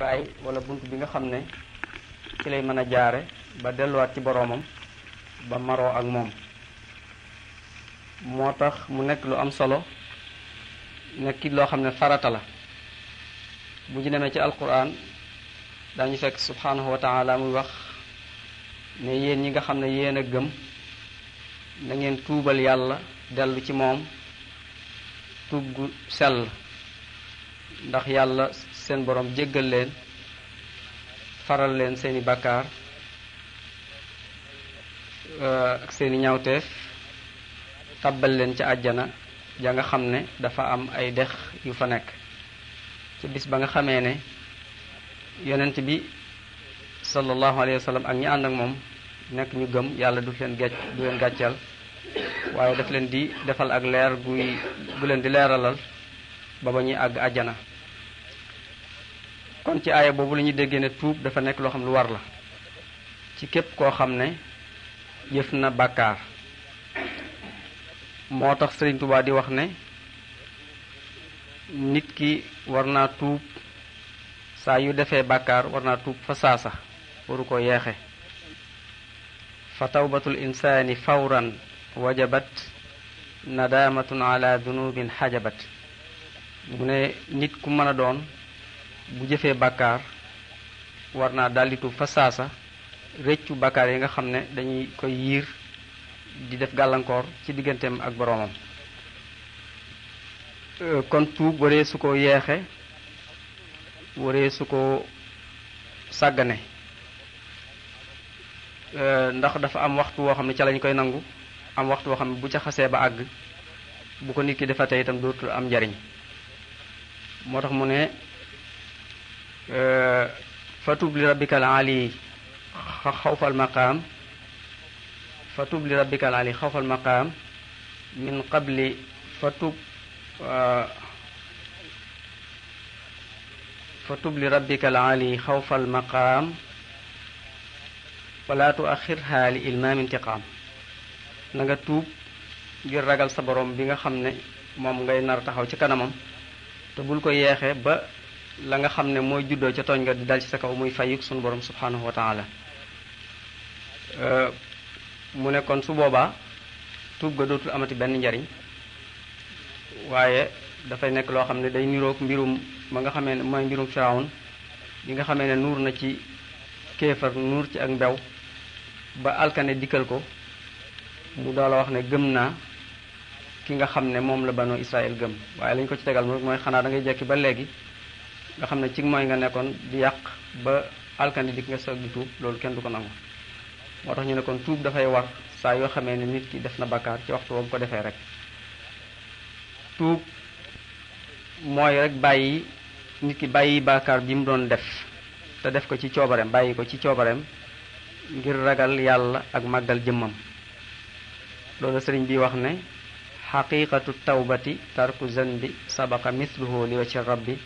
jumtukaay wala bunt bi nga xam ne ci lay mën a jaare ba delluwaat ci boroomam ba maroo ak moom moo mu nekk lu am solo nekk loo xam ne farata la bu ñu demee ci alquran dañu fekk subhanahu wa taala muy wax ne yéen ñi nga xam ne yéen a gëm na ngeen tuubal yàlla dellu ci moom ndax yàlla seen borom jéggal leen faral len seni bakar, euh, ak seeni ñaawteef tàbbal leen ca àjjana ja nga xam ne dafa am ay dex yu fa nekk ci bis ba nga xamee ne yonent bi sallallahu alayhi wa sallam ak ñi ànd ak moom nekk ñu gëm yàlla du leen gàcc du leen gàccal waaye daf leen di defal ak leer guy gu leen di leeralal ba ba ñuy àgg àjjana kon ci aaya boobu la ñuy déggee ne tuub dafa nekk loo xam lu war la ci képp koo xam ne jëf na bàkkaar moo tax Sëriñ Tuubaa di wax ne nit ki war naa tuub saa yu defee bàkkaar war naa tuub fa saasa waru ko yeexe fa tawbatul insaani fawran wajabat na nadaamatun ala dunubin xajabat mu ne nit ku mën a doon bu jëfee warna war naa dalitu fa saasa réccu bàkkaar yi nga xam dañuy koy yiir di def gàllankoor ci digganteem ak boroomam euh, kon tuub waree su ko yeexe waree su ko sàggane euh, ndax dafa am waxtu woo xam ne lañ koy nangu am waxtu woo xam ne bu ca xasee ba àgg bu ko nit ki defatee itam dootul am njariñ moo mu ne آه، فتوب لربك العلي خوف المقام فتوب لربك العلي خوف المقام من قبل فتوب آه، فتوب لربك العلي خوف المقام ولا تؤخرها لإلمام انتقام نغا توب غير راغال سا بروم بيغا خامني موم غاي نار تخاو سي كانامم تبول كو ييخه با la nga xam ne mooy juddoo ca tooñ nga dal ci sa kaw muy fayuk sun borom subhanahu wa taala mu ne kon su boobaa tuub ga dootul amati benn njariñ waaye dafay nekk loo xam ne day niroog mbirum ma nga xamee ne mooy mbirum firawun bi nga xamee ne na ci kéefar nuur ci ak mbew ba alkane dikkal ko mu doola wax ne gëm naa ki nga xam ne la banu israel gëm waaye lañ ko ci tegal mooy xanaa da ngay jekki ba léegi nga xamne ci moy nga nekkon di yak ba alkandi dik nga soog di tuub kenn du ko nangu motax ñu nekkon kon da fay war sa yo xamé ni nit ki def na bakkar ci waxtu wam ko defé rek tuub moy rek bayyi nit ki bayyi bakkar bi mu doon def te def ko ci ciobarem bayyi ko ci ciobarem ngir ragal yalla ak magal jëmmam lolou serigne bi wax ne haqiqatu tawbati tarku zanbi sabaqa mithluhu li wajhi rabbi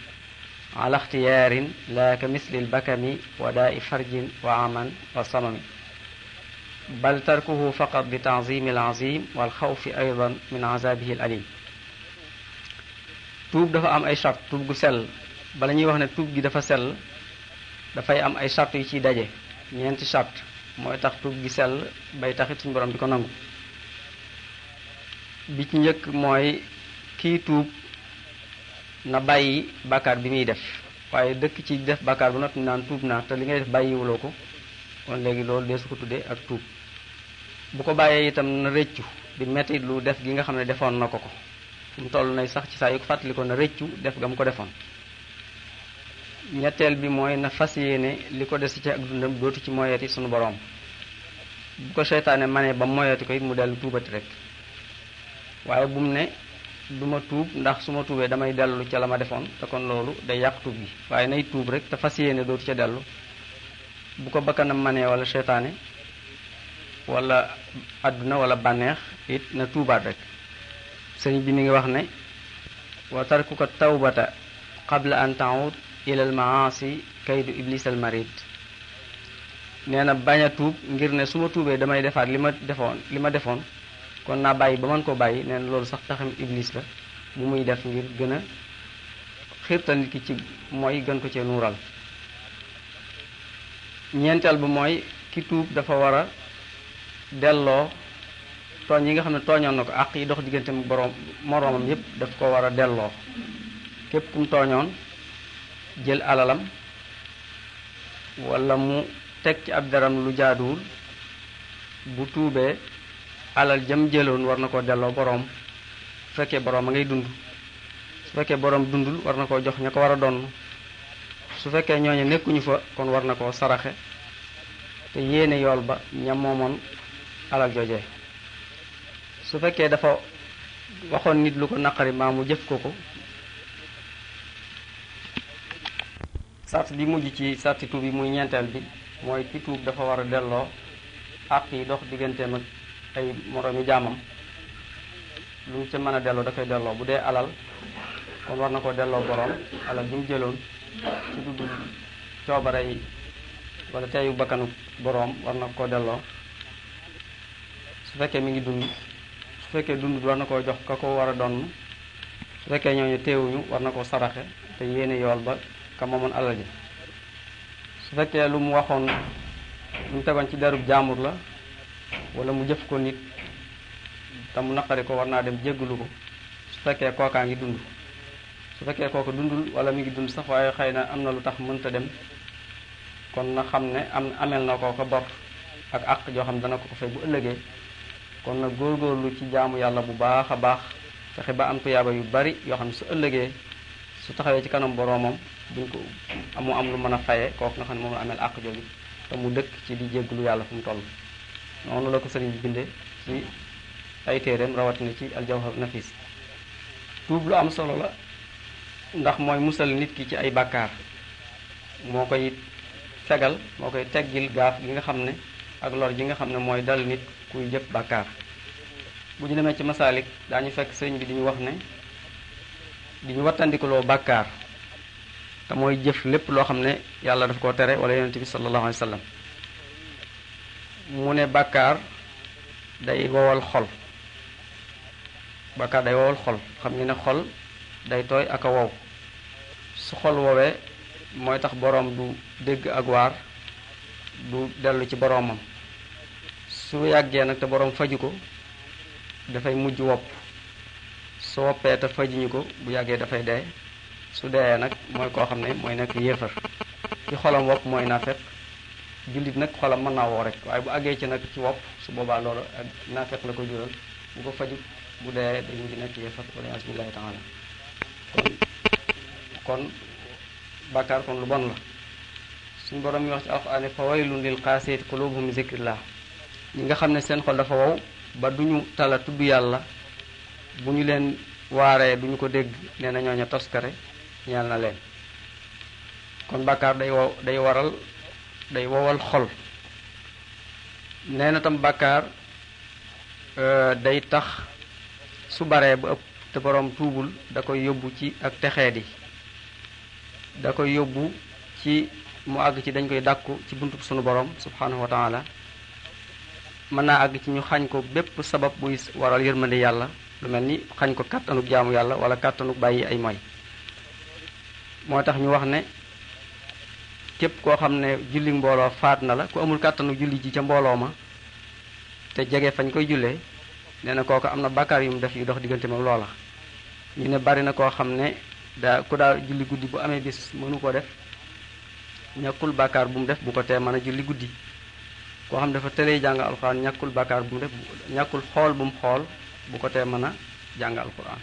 ala ixtiyaarin laa ka mislil bakami wa daa'i farjin wa aman wa samami bal tarkuhu faqat bi taazimi al azim wal xawfi aydan min azabihi al alim tuub dafa am ay chart tuub gu sell bala ñuy wax ne tuub gi dafa sell dafay am ay chart yu ciy daje ñeenti chart mooy tax tuub gi sell bay taxit suñu borom di ko nangu bi ci njëkk mooy kii tuub na bàyyi bàkkaar bi muy def waaye dëkk ci def bàkkaar bu noppi naan tuub naa te li ngay def bàyyiwuloo ko kon léegi loolu dee su ko tuddee ak tuub bu ko bàyyee itam na rëccu di metti lu def gi nga xam ne defoon na ko ko fu mu toll nay sax ci saa yu ko fàttali ko na rëccu def ga mu ko defoon ñetteel bi mooy na fas yéene li ko des ci ak dundam dootu ci moyeti sunu boroom bu ko seytaane manee ba moyeti ko it mu dellu tuubati rek waaye bu mu duma tuub ndax suma ma tuubee damay dellu ca la ma defoon te kon loolu day yàq tuub bi waaye nay tuub rek te fas yéene dootu ca dellu bu ko bakkanam manee wala seytaane wala aduna wala bànneex it na tuubaat rek sëriñ bi ni ngi wax ne wa tarkuka tawbata qabla an taud ila al maasi kaydu iblis al marid nee na bañ a tuub ngir ne suma tuubee damay defaat li ma defoon li ma defoon kon na bàyyi ba man ko bàyyi nee na loolu sax taxam iblis la bu muy def ngir gën a xiirtal nit ki ci mooy gën ko cee nuural ñeenteel bi mooy ki tuub dafa war a delloo tooñ yi nga xam ne tooñoon na ko àq yi dox diggante borom moroomam yépp daf ko war a delloo kum tooñoon jël alalam wala mu teg ci ab lu bu tuubee alal jam jëloon warna na koo borom, boroom borom fekkee boroom a ngay dund su fekkee borom dundul war na koo jox ña ko war a donn su fekkee ñooñu nekkuñu fa kon warna na koo saraxe te yéene yool ba ñam moomoon alal jooje su fekkee dafa waxoon nit lu ko naqari mu jëf ko ko sart bi mujj ci sarti tuub yi muy ñeenteel bi mooy ki tuub dafa war a delloo àq yi dox digganteem ak ay moromi jamam lu ci ca delo da koy delo bu alal kon war nako delo borom alal ji mu ci dudd coobare yi wala tayu bakanu borom war nako delo su fekkee mi ngi dund su fekkee dund war nako jox kako wara don su donn ñoo ñu ñooñu ñu war nako saraxé saraxe te yéene yool ba ka momon alal ji su fekkee lu mu waxon lu mu ci darub jamur la wala mu jëf ko nit te mu naqari ko war naa dem jégglu ko su fekkee kookaa ngi dund su fekkee kooku dundul wala mi ngi dund sax waaye xëy na lu tax mënta dem kon na xam ne am amel na ko ko bor ak àq joo xam dana ko ko fay bu ëllëgee kon na góorgóorlu ci jaamu yàlla bu baax a baax fexe ba am tuyaaba yu bari yoo xam su ëllëgee su taxawee ci kanam boroomam buñ ko amu am lu mën a faye kooku nga xam ne moom la amel àq jooju te mu dëkk ci di jégglu yàlla fu mu toll noonu la ko sëriñ bi binde ci ay téeréem rawatina ci aljawhar nafis tuub lu am solo la ndax mooy musal nit ki ci ay bàkkaar moo koy fegal moo koy teggil gaaf gi nga xam ne ak lor ji nga xam ne mooy dal nit kuy jëf bàkkaar bu ñu demee ci daa daañu fekk sëriñ bi di ñu wax ne di ñu wattandikuloo bàkkaar te mooy jëf lépp loo xam ne yàlla daf koo tere wala yonente bi sallallahu alayhi wa sallam mu ne bàkkaar day wowal xol bàkkaar day wowal xol xam nga ne xol day tooy ak a wow su xol wowee mooy tax boroom du dégg ak waar du dellu ci boroomam su yàggee nag te boroom faju ko dafay mujj wopp su woppee te fajuñu ko bu yàggee dafay dee su deeyee nag mooy koo xam ne mooy nekk yéefar ci xolam wopp mooy naafeq julit nak xolam man na wo rek way bu agge ci nak ci wop su boba lolu eh, naa fekk la ko jural bu ko faju bu dee dañu nak nekk fat wala yaas billahi taala kon bakar kon lu bon la suñ borom yi wax ci alquran fa waylun lil qasit qulubuhum zikrillah ñi nga xamne ne seen xol dafa waw ba duñu tala tuddu yalla buñu len waré duñu ko deg nee na ñooña toskare ñeel na len kon bakar day day waral day wowal xol neena na tam euh day tax su bare bu ëpp te borom tuubul da koy yóbbu ci ak texeedi da koy yóbbu ci mu àgg ci dañ koy dàkku ci buntu sunu borom subhanahu wa taala mën naa àgg ci ñu xañ ko bépp sabab buy waral yërmande yàlla lu mel ni xañ ko kàttanuk jaamu yàlla wala kàttanuk bàyyi ay moy moo tax ñu wax ne képp koo xam ne julli mbooloo faat na la ku amul kàttanu julli ji ca mbooloo ma te jege fañ koy jullee nee na kooku am na bàkkaar yu mu def yu dox diggante mag loola ñu ne bari na koo xam ne daa ku daa julli guddi bu amee bis mënu ko def ñàkkul bàkkaar bu mu def bu ko tee mën a julli guddi koo xam dafa tëlee jàng alquran ñàkkul bàkkaar bu mu def ñàkkul xool bu mu xool bu ko tee mën a jàng alquran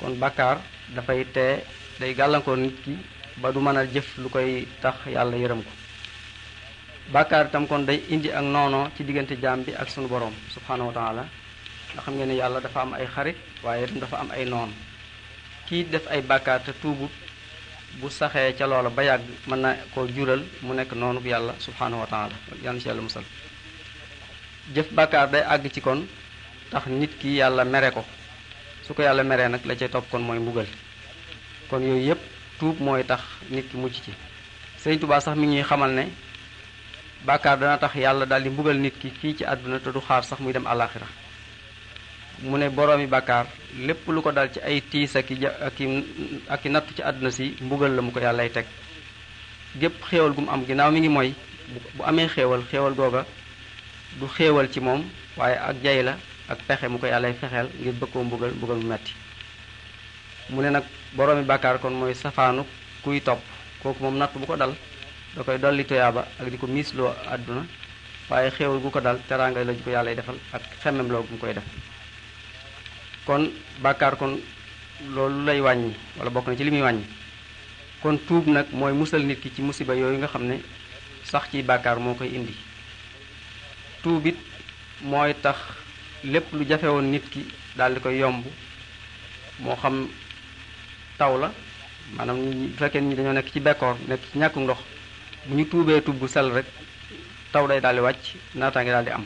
kon bàkkaar dafay tee day gàllankoor nit ki ba du mën a jëf lu koy tax yàlla yërëm ko bàkkaar itam kon day indi ak noono ci diggante jaam bi ak sunu boroom subhanahu wa taala xam ngeen ne yàlla dafa am ay xarit waaye itam dafa am ay noon kii def ay bàkkaar te tuubut bu saxee ca loola ba yàgg mën na koo jural mu nekk noonu yàlla subhanahu wa taala yàlla ci yàlla musal jëf bàkkaar day àgg ci kon tax nit ki yàlla mere ko su ko yàlla meree nag la ca topp kon mooy mbugal kon yooyu yépp tuub mooy tax nit ki mucc ci sëñ tubaa sax mi ngi xamal ne bàkkaar dana tax yàlla daal di mbugal nit ki fii ci àdduna te du xaar sax muy dem alaxira mu ne boroomi bàkkaar lépp lu ko dal ci ay tiis ak ak ak ci àdduna si mbugal la mu ko yàllay teg gépp xéewal gu mu am ginnaaw mi ngi mooy bu amee xéewal xéewal googa du xéewal ci moom waaye ak jay la ak pexe mu ko yàllay fexeel ngir bëkkoo mbugal mbugal mu metti mu ne nag boroomi bàkkaar kon mooy safaanu kuy topp kooku moom natt bu ko dal da koy dolli toyaaba ak di ko miisloo àdduna waaye xéewal gu ko dal teraanga la ju ko yàlla defal ak xemmem loo gu mu koy def kon bàkkaar kon loolu lay wàññi wala bokk na ci li muy wàññi kon tuub nag mooy musal nit ki ci musiba yooyu nga xam ne sax ci bàkkaar moo koy indi tuub it mooy tax lépp lu jafewoon nit ki daal di koy yomb moo xam taw la maanaam bu fekkee ni dañoo nekk ci bekkoor nek ci ñàkkum ndox bu ñu tuubé tuub sal rek taw day di nga dal di am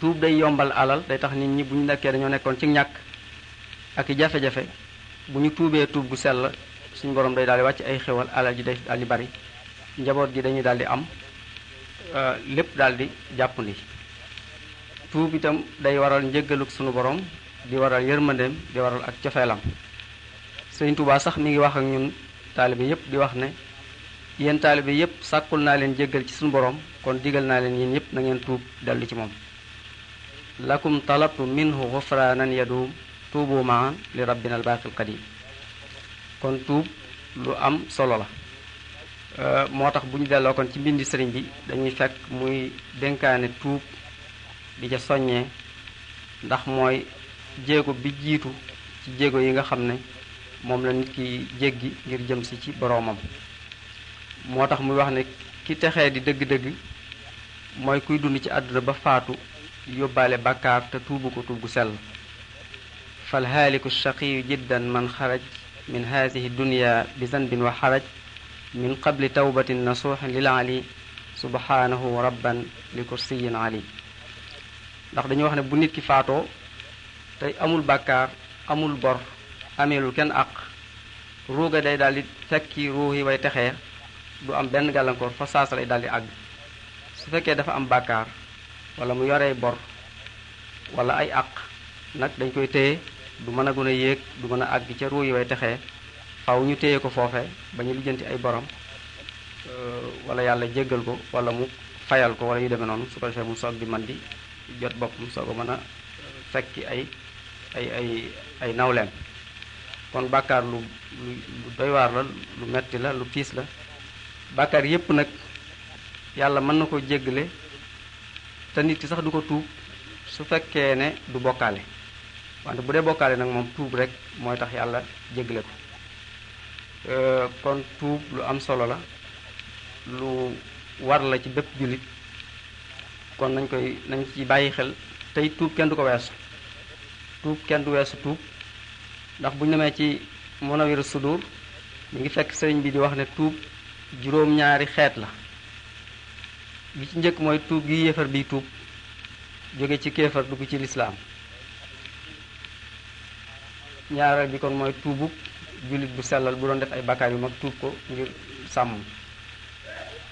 tuub day yombal alal day tax nit ñi bu ñu nekké dañu nekkon ci ñak ak jafe-jafe bu ñu tuubé tuub bu sell suñu borom day dal di ay xewal alal ji day dal di bari njabot gi dañu dal di am euh, lepp dal di ni tuub itam day waral njëggaluk suñu borom di waral yermandem di waral ak cofeelam serigne Touba sax mi ngi wax ak ñun talibé yépp di wax né yeen talibé yépp sakul naa leen jéggal ci suñu borom kon digal naa leen yeen yépp na ngeen tuub dal ci mom lakum talabtu minhu ghufranan yadum tubu maan li rabbina al qadim kon tuub lu am solo la euh motax buñu delo kon ci bindi serigne bi dañuy fekk muy denkané tuub di ja soññee ndax moy jéego bi jitu ci jéego yi nga xamné moom la nit ki jéggi ngir jëm si ci boroomam moo tax muy wax ne ki texee di dëgg-dëgg mooy kuy dund ci àdduna ba faatu yóbbaale bàkkaar te tuubu ko tuub gu sell fal haaliku shaqiyu jiddan man xaraj min haadihi dunya bi zanbin wa xaraj min qabli tawbatin nasuuxin lil ali subhanahu rabban li kursiyin ali ndax dañuy wax ne bu nit ki faatoo tey amul bàkkaar amul bor ameelul kenn àq ruuga day daal di fekki ruux yi way texee du am benn gàllankoor fa saasa lay daal di àgg su fekkee dafa am bàkkaar wala mu yoree bor wala ay àq nag dañ koy téye du mën a gun a yéeg du mën a àgg ca ruux yi texe texee faw ñu téye ko foofe ba ñu lijjanti ay borom euh, walla yàlla jéggal ko wala mu fayal ko wala yu demee noonu su ko defee mu soog di man di jot boppam soo a mën a fekki ay ay ay ay nawleem kon bakkar lu lu doy war la lu metti la lu piis la bakkar yépp nag yàlla mën na ko jéggale te nit ki sax du ko tuub su fekkee ne du bokkaale wante bu dee bokkaale nag moom tuub rek mooy tax yàlla jéggale ko euh, kon tuub lu am solo la lu war la ci bépp julit kon nañ koy nañ ci bàyyi xel tey tuub kenn du ko weesu tuub kenn du weesu tuub ndax bu ñu demee ci munawiru sudur mu ngi fekk sëriñ bi di wax ne tuub juróom-ñaari xeet la bi ci njëkk mooy tuub gi yéefar bii tuub jóge ci kéefar dugg ci lislaam ñaareel bi kon mooy tuubub jullit bu sellal bu doon def ay bakkaar yu mag tuub ko ngir sàmm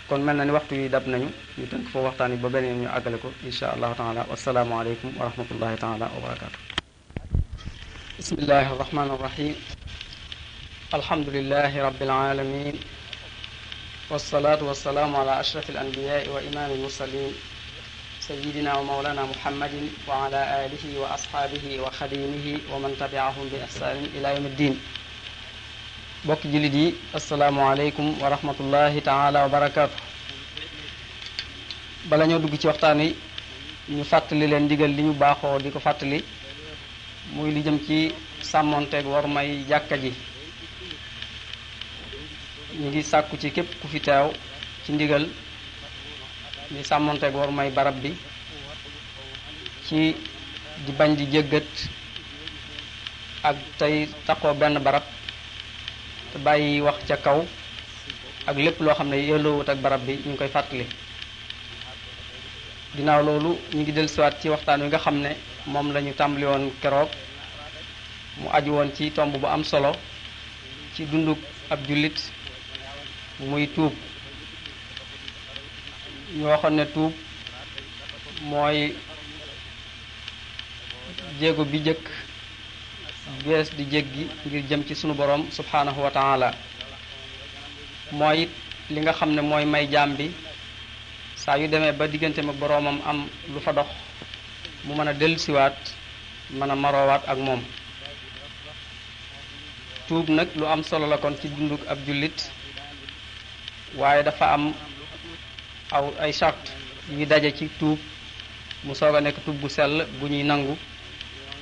kon mel na ni waxtu yi dab nañu ñu tënk foofu waxtaan yi ba beneen ñu àggale ko insha allahu taala wasalaamualeykum wa rahmatullahi taala wa barakaatu بسم الله الرحمن الرحيم الحمد لله رب العالمين والصلاة والسلام على أشرف الأنبياء وإمام المرسلين سيدنا ومولانا محمد وعلى آله وأصحابه وخديمه ومن تبعهم بإحسان إلى يوم الدين بك جلدي السلام عليكم ورحمة الله تعالى وبركاته بلا نيو دوغ سي waxtaan yi ñu fàttali leen digal muy li jëm ci sàmmonteeg war may jàkka ji ñu ngi sàkku ci képp ku fi teew ci ndigal di sàmmonteeg war may barab bi ci di bañ di jéggat ak tey taxoo benn barab te bàyyi wax ca kaw ak lépp loo xam ne yelloowut ak barab bi ñu ngi koy fàttali ginnaaw loolu ñu ngi dell dellusiwaat ci waxtaan wi nga xam ne moom lañu ñu tàmbali woon keroog mu aju woon ci tomb bu am solo ci dunduk ab jullit muy tuub ñu waxoon ne tuub mooy jéego bi jëkk bees di jéggi ngir jëm ci sunu borom subhanahu wa taala it li nga xam ne mooy may jaam bi saa yu demee ba diggante ma boromam am lu fa dox mu mën a dellusiwaat mën a maroowaat ak moom tuub nag lu am solo la kon ci dunduk ab jullit waaye dafa am aw ay charte yuy daje ci tuub mu soog a nekk tuub gu sell bu ñuy nangu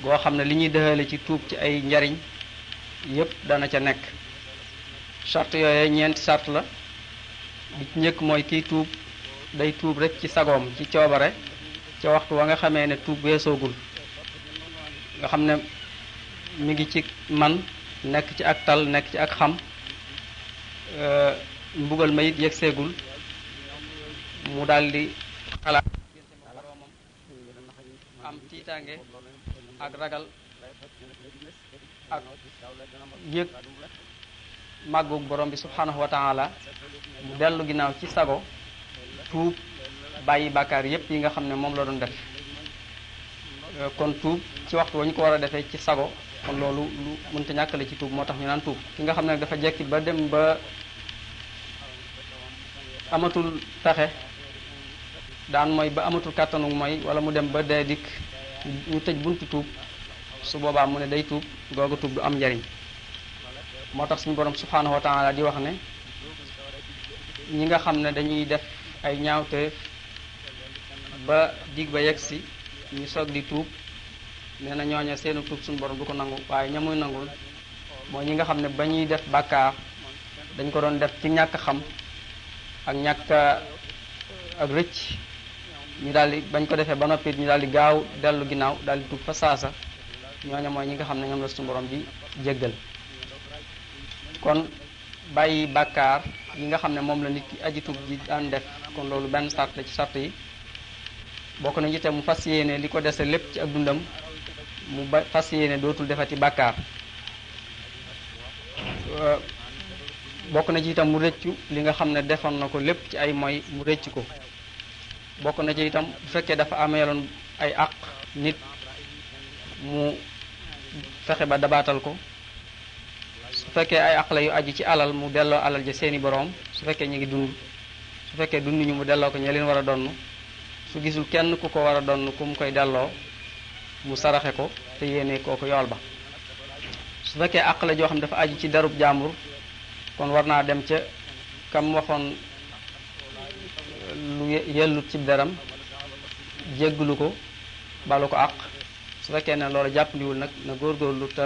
goo xam ne li ñuy dëxale ci tuub ci ay njariñ yépp dana ca nekk charte yooye ñeenti charte la bi ci mooy kiy tuub day tuub rek ci sagoom ci coobare ca waxtu wa nga xamee ne tuub weesoogul nga xam ne mi ngi ci man nekk ci ak tal nekk ci ak xam euh, mbugal ma it yegseegul mu daldi xalaat am tiitaange ak ragal ak yëg màggug borom bi subhanahu wa mu dellu ginnaaw ci sago tuub bayyi bakkar yépp yi nga xam ne moom la doon def euh, kon tuub ci waxtu wañ ko war a ci sago kon loolu lu mënta la ci tuub moo tax ñu naan tuub ki nga xam ne dafa jekki ba dem ba amatul pexe daan mooy ba amatul kàttanu mooy wala mu dem ba dee dikk ñu tëj buntu tuub su boobaa mu ne day tuub googu tuub du am njariñ moo tax suñu borom subhanahu wa taala di wax ne ñi nga xam ne dañuy def ay ñaawteef ba dig ba yegg si ñu sok di tuup neena na seenu tuup suñu borom du ko nangu waaye ña nangul mo ñi nga xamne ne def bakkar dañ ko doon def ci ñak xam ak ñak ak rëcc ñu daal di bañ ko defé ba noppi ñu daal di gaaw dellu ginnaaw daal di tuub fa saasa ñoña mooy ñi nga xamne ñom la suñu borom bi jéggal kon bayyi bakkar yi nga xamne ne la nit ki aji tuup ji daan def kon lolu ben sart ci sart yi bokk nañu itam mu fas yéene li ko dese lépp ci ak dundam mu ba fas yéene dootul defati bàkkaar euh, bokk na ci itam mu rëccu li nga xam ne defoon na ko lépp ci ay moy mu rëcc ko bokk na ci itam bu fekkee dafa ameeloon ay àq nit mu fexe ba dabaatal ko su fekkee ay àq la yu aju ci alal mu delloo alal ja seeni boroom su fekkee ñu ngi dund su fekkee dund ñu mu delloo ko ñe leen war a donn su gisul kenn ku ko war a donn ku mu koy delloo mu saraxe ko te yéene kooku yool ba su fekkee àq la joo xam ne dafa aju ci darub jàmbur kon war naa dem ca kam waxoon lu yellut ci daram jégglu ko balu ko àq su fekkee ne loolu jàppandiwul nag na góorgóorlu te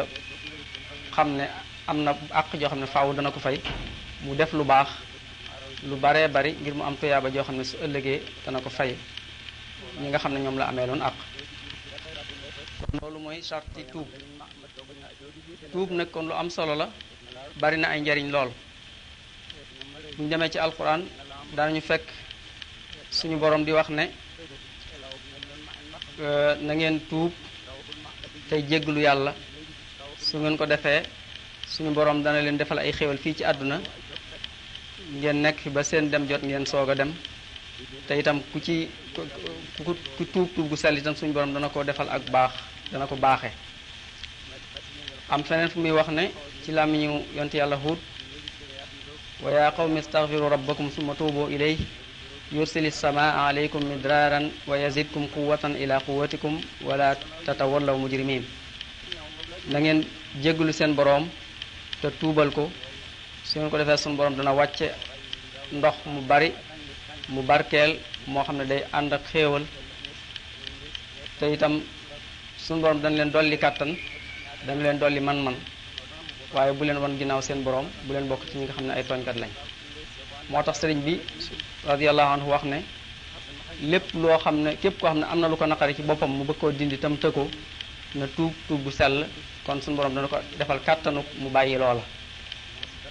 xam ne am na àq joo xam ne faw dana ko fay mu def lu baax lu baree bari ngir mu am tuyaaba joo xam ne su ëllëgee dana ko fay ñi nga xam ne ñoom la amee loon àq loolu mooy sarti tuub tuub nag lu am solo la bari na ay njariñ lool bu ñu demee ci alquran danañu fekk suñu borom di wax ne euh, nangeen ngeen tuub tey jégglu yàlla su ngeen ko defee suñu borom dana leen defal ay xéwal fii ci àdduna ngeen nekk fi ba seen dem jot ngeen soog a dem te itam ku ci ku ku tuub tuub gu sell itam suñu borom dana ko defal ak baax dana ko baaxee am feneen fu muy wax ne ci làmm ñu yont wa rabbakum summa tuubu ilay yursili samaa alaykum midraran wa yazidkum ila quwwatikum wa la tatawallaw mujrimin na ngeen jéggalu seen borom te tuubal ko su ko defee suñu borom dana wàcce ndox mu bari mu moo xam ne day ànd ak xéewal te itam suñu borom dañ leen dolli kàttan dañ leen dolli man-man waaye bu leen wan ginnaaw seen borom bu leen bokk ci ñi nga xam ne ay tooñkat lañ moo tax sëriñ bi radiallahu anhu wax ne lépp loo xam ne képp koo xam ne am na lu ko naqari ci boppam mu dindi tam tëkko na tuub tuub bu sell kon suñu borom dana ko defal kàttanu mu bàyyi loola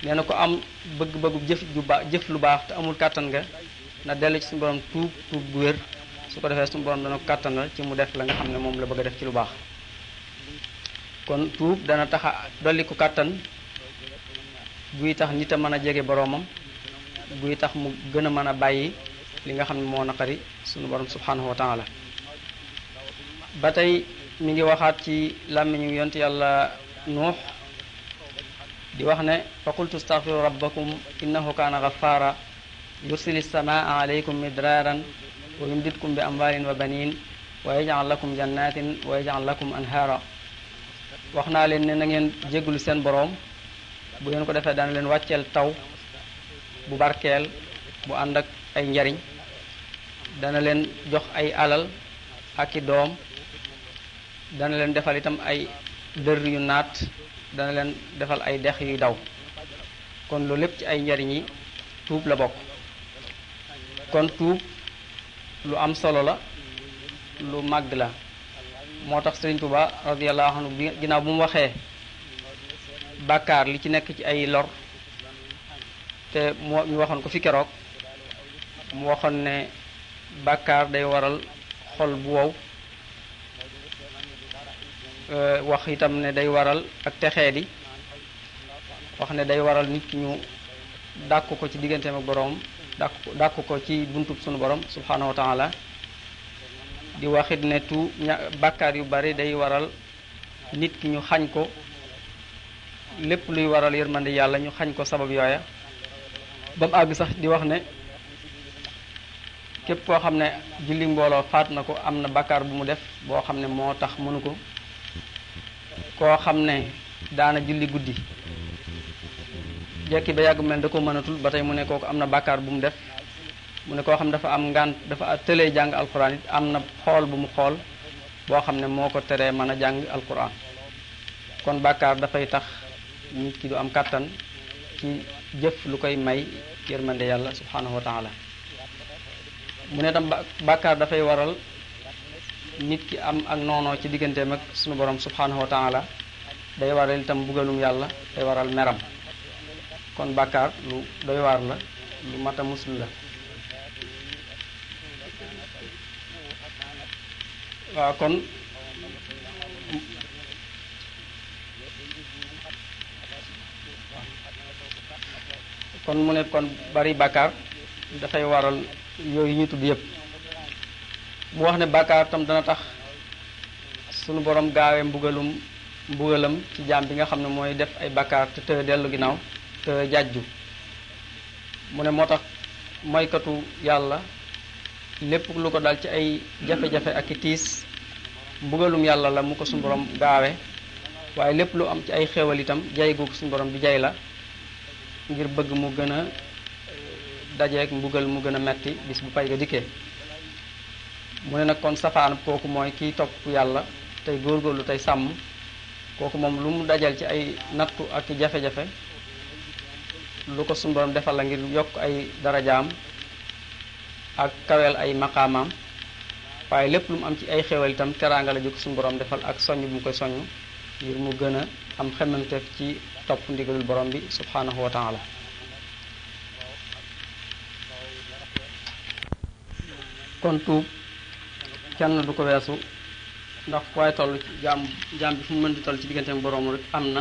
nee ko am bëgg-bëggu jëf ju ba jëf lu baax te amul kàttan nga na delu ci sun borom tuub tuub bu wér su ko defee sun borom dana kàttanal ci mu def la nga xam ne moom la bëgg a def ci lu baax kon tuub dana taxa dolli ko kàttan buy tax nit a mën a jege boromam buy tax mu gën a mën a bàyyi li nga xam ne moo naqari suñu borom subhanahu wa taala ba tey mi ngi waxaat ci làmmiñu yont yàlla nuux di wax ne faqultu astaghfiru rabbakum innahu kana ghaffara يرسل السماء عليكم مدرارا ويمددكم باموال وبنين ويجعل لكم جنات ويجعل لكم انهارا واخنا لين نين جيغل سن بروم بو ين دافا دان لين واتيل تاو بو باركيل بو اندك اي نجارين دانا لين جوخ اي علال اكي دوم دانا لين ديفال اي دير يو نات دانا لين ديفال اي ديخ يو داو كون لو ليب سي اي نجارين توب لا بوكو kon tuub lu am solo la lu màgg la moo tax Sëriñ Tuuba radiyallahu anhu bi ginnaaw bu mu waxee bàkkaar li ci nekk ci ay lor te moo waxoon ko fi keroog mu waxoon ne bàkkaar day waral xol bu wow euh, wax itam ne day waral ak texee di wax ne day waral nit ki ñu dàkk ko ci digganteem ak boroom dàkk ko ci buntu sunu borom subhanahu wa taala di waxit ne tu bàkkaar yu bari day waral nit ki ñu xañ ko lepp luy waral yermande yalla ñu xañ ko sabab yoya bam ag sax di wax ne kep ko xamne julli mbolo fat nako ko bakar bu mu def bo xamne motax munuko ko xamne daana julli guddii jekki ba yàgg mu ne da ko mënatul ba tey mu ne kooku am na bàkkaar bu mu def mu ne koo xam dafa am ngant dafa tëlee jàng alquran it am na xool bu mu xool boo xam ne moo ko teree mën a jàng alquran kon bàkkaar dafay tax nit ki du am kàttan ci jëf lu koy may yërmande yàlla subhanahu wa taala mu ne tam bàkkaar dafay waral nit ki am ak noonoo ci digganteem ak sunu borom subhanahu wa taala day waral itam bugalum yàlla day waral meram kon bakar lu doy war la lu mata muslim la wa kon kon mu ne kon bari da fay waral yoy ñu tudd yeb mu wax ne teman tam dana tax sunu borom gaawé mbugalum mbugalam ci jamm bi nga xamne moy def ay bakar te teul delu ginaaw te jajju mu ne moo tax maykatu yàlla lépp lu ko dal ci ay jafe-jafe ak tiss tiis mbugalum la mu ko sun borom gaawe waye lepp lu am ci ay xéewal itam jay gog sun borom bi jay la ngir bëgg mu gëna eh, dajé ak mbugal mu gëna metti bis bu pay ga diké mu ne nag kon safaanab kooku mooy kiy topp yàlla tey góorgóorlu tay sam koku mom lu mu dajal ci ay nattu ak jafe-jafe lu ko sun borom defal la ngir yok ay darajaam ak kawel ay maqamam way lepp lu mu am ci ay xewal tam teranga la juk sun borom defal ak soñu bu mu koy soññ ngir mu gëna am xamantef ci top ndigalul borom bi subhanahu wa taala kon tu kenn du ko wessu ndax waaye tollu ci jam jam bi fu mën di toll ci diggante borom rek amna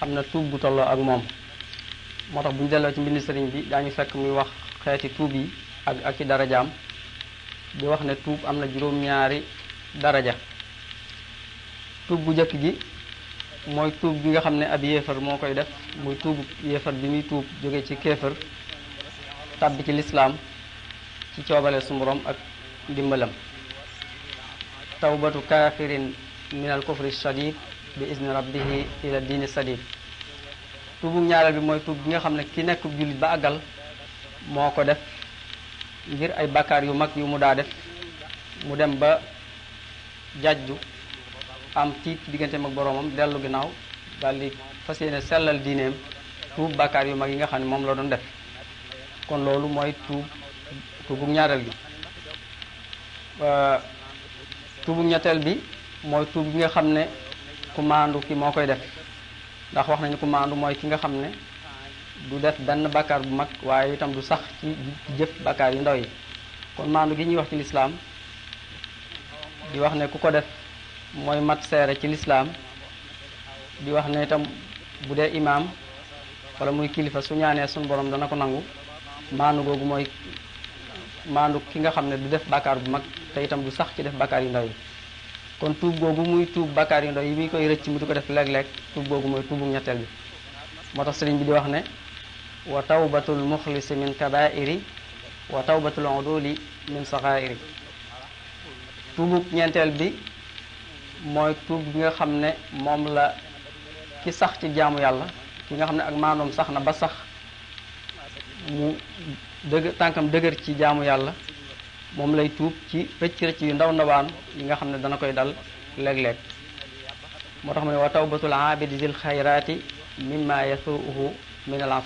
amna ak mom moo tax bu ñu delloo ci mbind sëriñ bi daañu fekk muy wax xeeti tuub yi ak ak ci darajaam di wax ne tuub am na juróom-ñaari daraja tuub bu njëkk gi mooy tuub bi nga xam ne ab yéefar moo koy def muy tuub yéefar bi muy tuub jóge ci kéefar tàbbi ci lislaam ci coobale su ak ndimbalam tawbatu kaafirin min al kufri shadid bi izni rabbihi ila diini sadid tuubu ñaareel bi mooy tuub bi nga xam ne ki nekk jullit ba àggal moo ko def ngir ay bakkaar yu mag yu mu daa def mu dem ba jajju am tiit digganteem ak boroomam dellu ginnaaw daal di fas yéene sellal diineem tuub bakkaar yu mag yi nga xam ne moom la doon def kon loolu mooy tuub tuubu ñaareel gi tuubu ñetteel bi mooy tuub bi nga xam ne ku maandu ki moo koy def ndax wax nañu ko maandu mooy ki nga xam ne du def benn bakkaar bu mag waaye itam du sax ci jëf bakkaar yu ndaw yi kon maandu gi ñuy wax ci lislaam di wax ne ku ko mooy mat ci lislaam di wax ne itam bu dee imaam wala muy kilifa su ñaanee suñ borom dana ko nangu maandu googu mooy maandu ki nga xam ne du def bakkaar bu mag te itam du sax ci def bakkaar yu ndaw yi kon tuub googu muy tuub bakkaar yu ndaw yi muy koy rëcc mu di ko def léeg-léeg tuub googu mooy tuubu ñetteel bi moo tax sëriñ bi di wax ne wa tawbatul muxlisi min kabairi wa tawbatul uduli min saxairi tuubu ñeenteel bi mooy tuub bi nga xam ne moom la ci sax ci jaamu yàlla ki nga xam ne ak maanoom sax na ba sax mu dëgg tànkam dëgër ci jaamu yàlla moom lay tuub ci rëcc-rëcc yu ndaw ndawaan yi nga xam ne dana koy dal léeg-léeg moo tax ma ne wa tawbatul aabidi zil xayraati mimma yasuuhu min al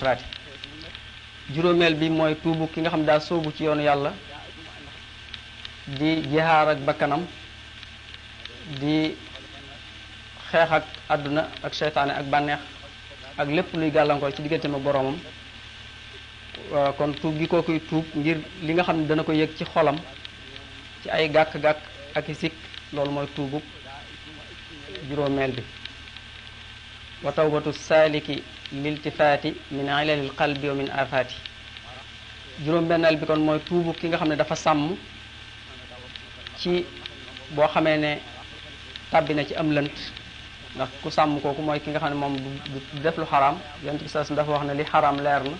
juróomeel bi mooy tuubu ki nga xam ne daa sóobu ci yoonu yàlla di jihaar ak bakkanam di xeex ak àdduna ak seytaane ak bànneex ak lépp luy gàllankoor ci diggante ma boroomam Euh, kon tuub gi koo koy tuub ngir li nga xam ne dana ko yëg ci xolam ci ay gàkk-gàkk ak sikk loolu mooy tuubub juróomeel bi wa tawbatu saaliki liltifaati min ilalil qalbi wa min afaati juróom-benneel bi kon mooy tuubu ki nga xam ne dafa sàmm ci boo xamee ne tàbbi na ci am lënt ndax ku sàmm kooku mooy ki nga xam ne moom du def lu xaraam yonent bi dafa wax ne li xaram leer na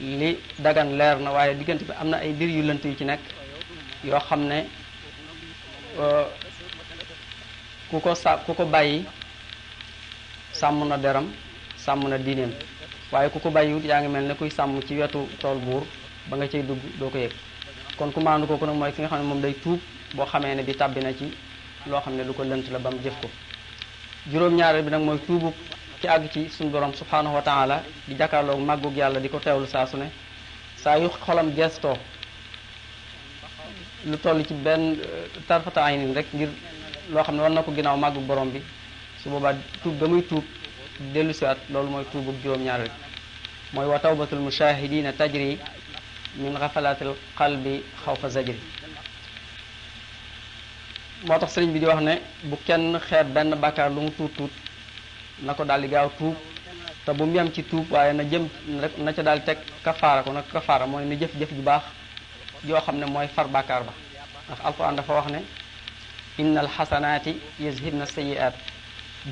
li dagan leer na waaye diggante bi am na ay mbir yu lënt yu ci nekk yoo xam ne uh, ku ko sa ku ko bàyyi sàmm na deram sàmm na diineem waaye ku ko bàyyiwut yaa ngi mel ne kuy sàmm ci wetu tool buur ba nga cay dugg doo ko yëg kon ku maandu kooku nag mooy ki nga xam ne day tuub boo xamee ne bi tàbbi na ci loo xam lu ko lënt la ba mu ko juróom-ñaareel bi nag mooy ci àgg ci suñu borom subhanahu wa taala di jàkkaarloog màggug yàlla di ko teewlu saa su ne saa yu xolam gestoo lu toll ci benn eh, tarfata aynin rek ngir loo xam ne war na ko ginnaaw màggug borom bi su boobaa tuub ba muy tuub dellu siwaat loolu mooy tuubug juróom rek mooy wa tawbatul mushahidina tajri min ghafalatil qalbi xawfa zajri moo tax sëriñ bi di wax ne bu kenn xeet benn bàkkaar lu mu tuut na ko daal di gaaw tuub te bu mu yem ci tuub waaye na jëm na ca daal teg kafaara ko nag kafaara mooy na jëf-jëf ju baax yoo xam ne mooy far bàkkaar ba ndax alquran dafa wax ne inna alxasanaati yuzhibna sayiat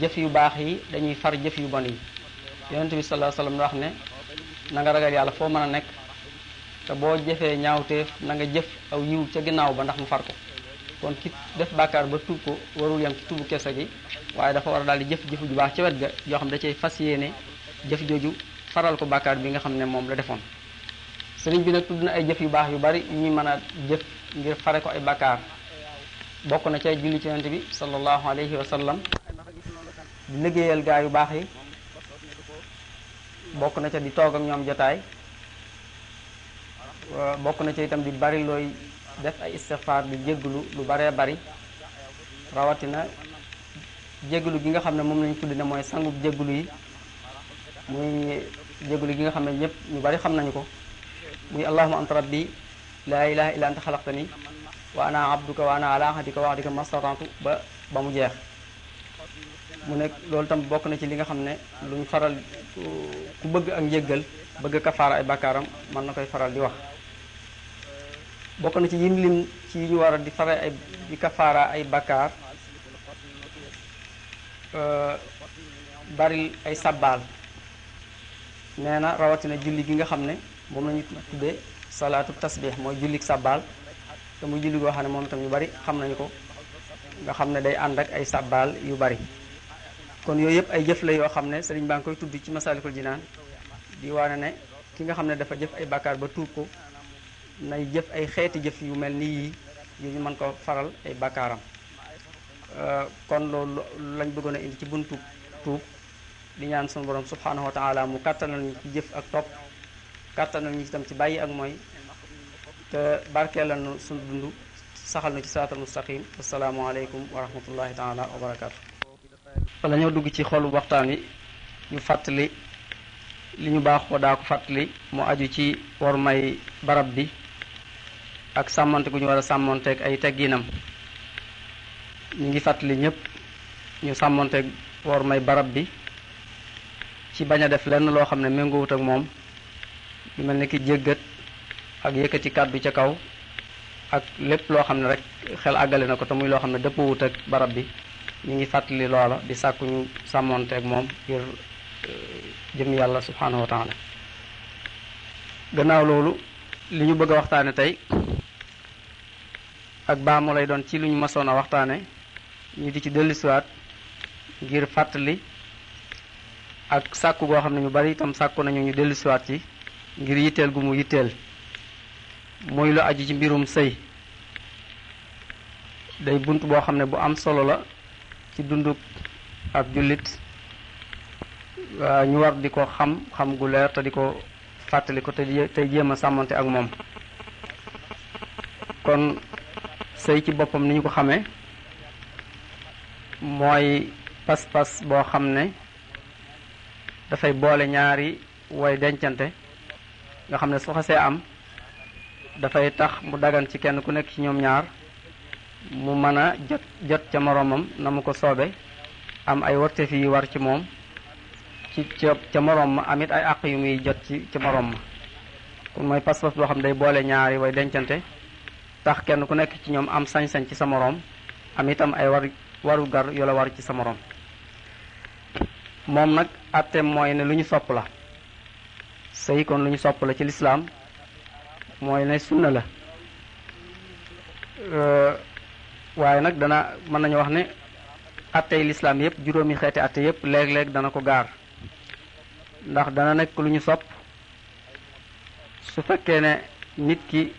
jëf yu baax yi dañuy far jëf yu bon yi yonente bi sallallahu wax ne na nga ragal yàlla foo mën a nekk te boo jëfee ñaawteef na nga jëf aw yiw ca ginnaaw ba ndax mu far ko kon ki def bàkkaar ba tuub ko warul yem ci tuubu kese gi waaye dafa war a daal di jëf jëf ju baax ci wet ga yoo xam da cay fas yéene jëf jooju faral ko bàkkaar bi nga xam ne moom la defoon sëriñ bi nag tudd na ay jëf yu baax yu bari ñuy mën a jëf ngir fare ko ay bàkkaar bokk na ca julli ci yonent bi sallallahu alayhi wa sallam di liggéeyal gaa yu baax na ca di toog ak ñoom jotaay bokk na ca itam di bari looy def ay istixfaar di jégglu lu baree bari rawatina jégalu gi nga xamne mom moom lañ tudd moy sangu sangub jégalu yi muy jégalu gi nga xamne ñepp ñu bari xam nañu ko muy allahumma anta rabbi la ilaha illa anta khalaqtani wa ana abduka wa ana ala ahdika wa ahdika mastata'tu ba ba mu jeex mu nek lol tam bok na ci li nga xamne luñu faral ku bëgg ak njéggal bëgg kafaara ay bakaram man na koy faral di wax bok na ci yim lim ci ñu wara di faral ay di ay bakar Euh, bari ay sabbaal nee na rawatina julli gi nga xam ne moom la ñu tuddee salaatu tasbih mooy jullik sabbaal te muy julli goo xam ne moom tam yu bari xam nañu ko nga xam ne day ànd ak ay sabbaal yu bari kon yooyu yëpp ay jëf la yoo xam ne sëriñ baa ngi koy tudd ci masaalikul ji naan waane ne ki nga xam ne dafa jëf ay bàkkaar ba tuub ko nay jëf ay xeeti jëf yu mel ni yii yu ñu mën ko faral ay bàkkaaram Euh, kon loolu lañ bëggoon a indi ci buntu tuub di ñaan sunu borom subhanahu wa mu kàttanal ñu ci jëf ak topp kàttanal ñu itam ci bàyyi ak mooy te barkeelal nu sunu dund saxal nu ci siraatal mustaqim asalaamaaleykum wa rahmatullahi taala wa barakaatu. wala dugg ci xolu waxtaan wi ñu fàttali li ñu baaxoo daa ko fàttali mu aju ci war may barab bi ak sàmmante gu ñu war a ay tegginam. ñu ngi fàttali ñëpp ñu sàmmonte war may barab bi ci bañ a def lenn loo xam ne méngoowut ak moom ñu mel ni ki jéggat ak yëkkati kàddu ca kaw ak lépp loo xam ne rek xel àggale na ko te muy loo xam ne dëppwut ak barab bi ñu ngi fàttali loola di sàkku ñu sàmmonte ak moom ngir euh, jëm yàlla subhanahu wa taala gannaaw loolu li ñu bëgg a waxtaane tey ak baamu lay doon ci lu ñu a ñu di ci dellusiwaat ngir fàttali ak sàkku goo xam ne ñu bari itam sàkku nañu ñu dellusiwaat ci ngir yitteel gu mu yitteel muy lu aji ci mbirum sëy day bunt boo xam ne bu am solo la ci dunduk ab jullit ñu war di ko xam xam gu leer te di ko ko te tey jéem a sàmmante ak moom kon sëy ci boppam ni ñu ko xamee mooy pas-pas boo xam ne dafay boole ñaari way dencante nga xam ne su xasee am dafay tax mu dagan ci kenn ku nekk ci ñoom ñaar mu mën a jot jot ca moroomam na mu ko soobe am ay warteef yi war ci moom ci ca ca moroom ma amit ay àq yu muy jot ci ci moroom ma kon mooy pas-pas boo xam ne day boole ñaari way dencante tax kenn ku nekk ci ñoom am sañ-sañ ci sa moroom am itam ay war waru gar yola war ci sa morom moom nag atteem mooy ne lu sopp la sey kon luñu sopp la ci l'islam moy né sunna la waye nak dana man nañu wax né até l'islam yépp juromi xeeti até yépp lég lég dana ko gar ndax dana nek luñu sopp su fekké né nit ki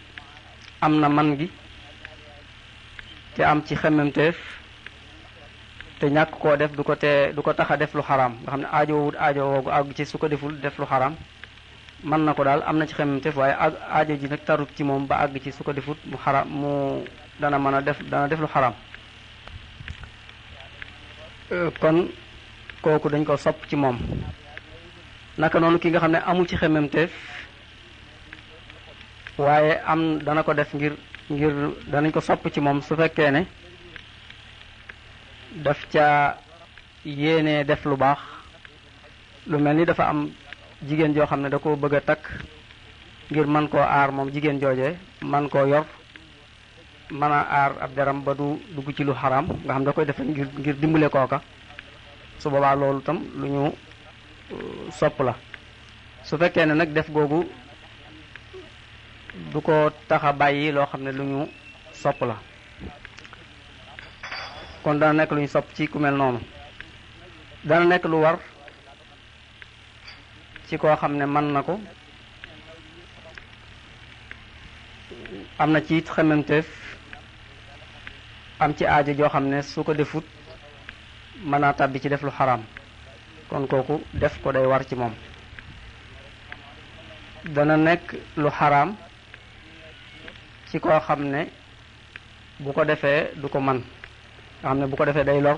am man gi te am ci te ñàkk koo def du ko te du ko tax a def lu xaram nga xam ne aajowut aajowoogu àgg ci su ko deful def lu xaram man na ko daal am na ci xememteef waaye ak aajo ji nag tarut ci moom ba àgg ci su ko defut mu xaram mu dana mën a def dana def lu xaram euh, kon kooku dañ ko sopp ci moom naka noonu ki nga xam ne amul ci xememteef waaye am dana ko def ngir ngir danañ ko sopp ci moom su fekkee ne daf ca yéene def lu baax lu mel ni dafa am jigéen joo xam ne da ko bëgg a takk ngir man koo aar moom jigéen jooje man koo yor mën a aar ab deram ba du dugg ci lu xaram nga xam da koy def ngir ngir dimbale kooka su boobaa loolu itam lu ñu uh, sopp la su fekkee ne nag def googu du ko tax a bàyyi loo xam ne lu ñu sopp la kon dana nekk lu ñu sopp ci ku mel noonu dana nekk lu war ci koo xam ne mën na ko am na ci it xememteef am ci aajo joo xam ne su ko defut mën naa tàbbi ci def lu xaraam kon kooku def ko day war ci moom dana nekk lu xaraam ci koo xam ne bu ko defee du ko man nga xam ne bu ko defee day lor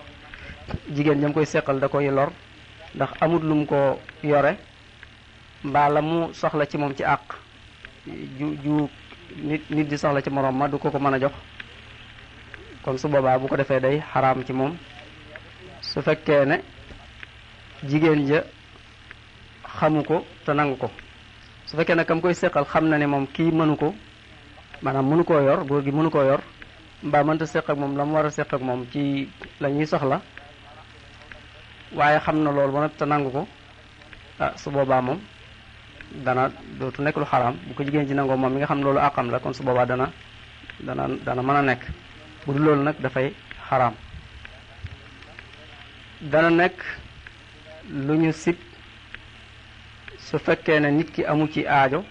jigéen ñam koy seqal da koy lor ndax amut lu mu ko yore mbaalam mu soxla ci moom ci àq ju ju nit nit di soxla ci moroom ma du ko ko mën a jox kon su boobaa bu ko defee day xaraam ci moom su fekkee ne jigéen ja xamu ko te nangu ko su fekkee ne kam koy seqal xam na ne moom kii mënu ko maanaam mënu koo yor góor gi mënu koo yor mbaa mënta séq ak moom la mu war a séq ak moom ci la ñuy soxla waaye xam na loolu ba noppi te nangu ah, su boobaa moom dana dootu nekk lu xaraam bu ko jigéen ci nangoo moom mi nga xam loolu àqam la kon su boobaa dana dana dana mën a nekk bu dul loolu nag dafay xaraam dana nekk lu ñu sib su fekkee ne nit ki amu ci aajo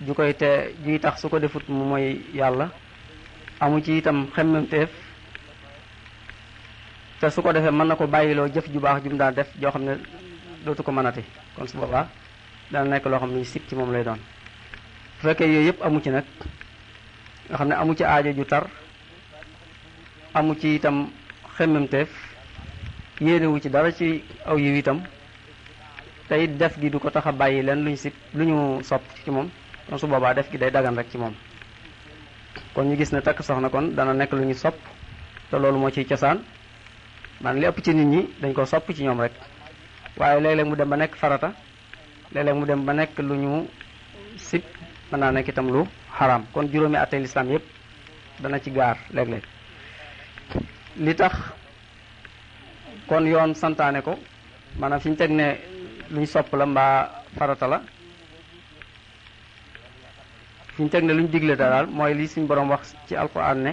ju koy te juy tax su ko defut mu mooy yàlla amu ci itam xemmemteef te su ko defee mën na ko bàyyiloo jëf ju baax ju mu daan def joo xam ne dootu ko mënati kon su boobaa dana nekk loo xam ne sib ci moom lay doon bu fekkee yooyu yëpp amu ci nag nga xam ne amu ci aajo ju tar amu ci itam xemmemteef yéenewu ci dara ci aw yiw itam tey def gi du ko tax a bàyyi leen lu ñu sib lu ñu sopp ci moom kon su boobaa def gi day dagan rek ci moom kon ñu gis ne takk soxna kon dana nekk lu ñu sopp te loolu moo ciy cosaan man li ëpp ci nit ñi dañ ko sopp ci ñoom rek waaye léeg-léeg mu dem ba nekk farata léeg-léeg mu dem ba nekk lu ñu sib mën naa nekk itam lu haram kon juróomi attey lislaam yépp dana ci gaar léeg-léeg li tax kon yoon santaane ko maanaam fi ñu teg ne luñ sopp la mbaa farata la ñu teg ne luñ digle daal mooy li suñ borom wax ci alquran ne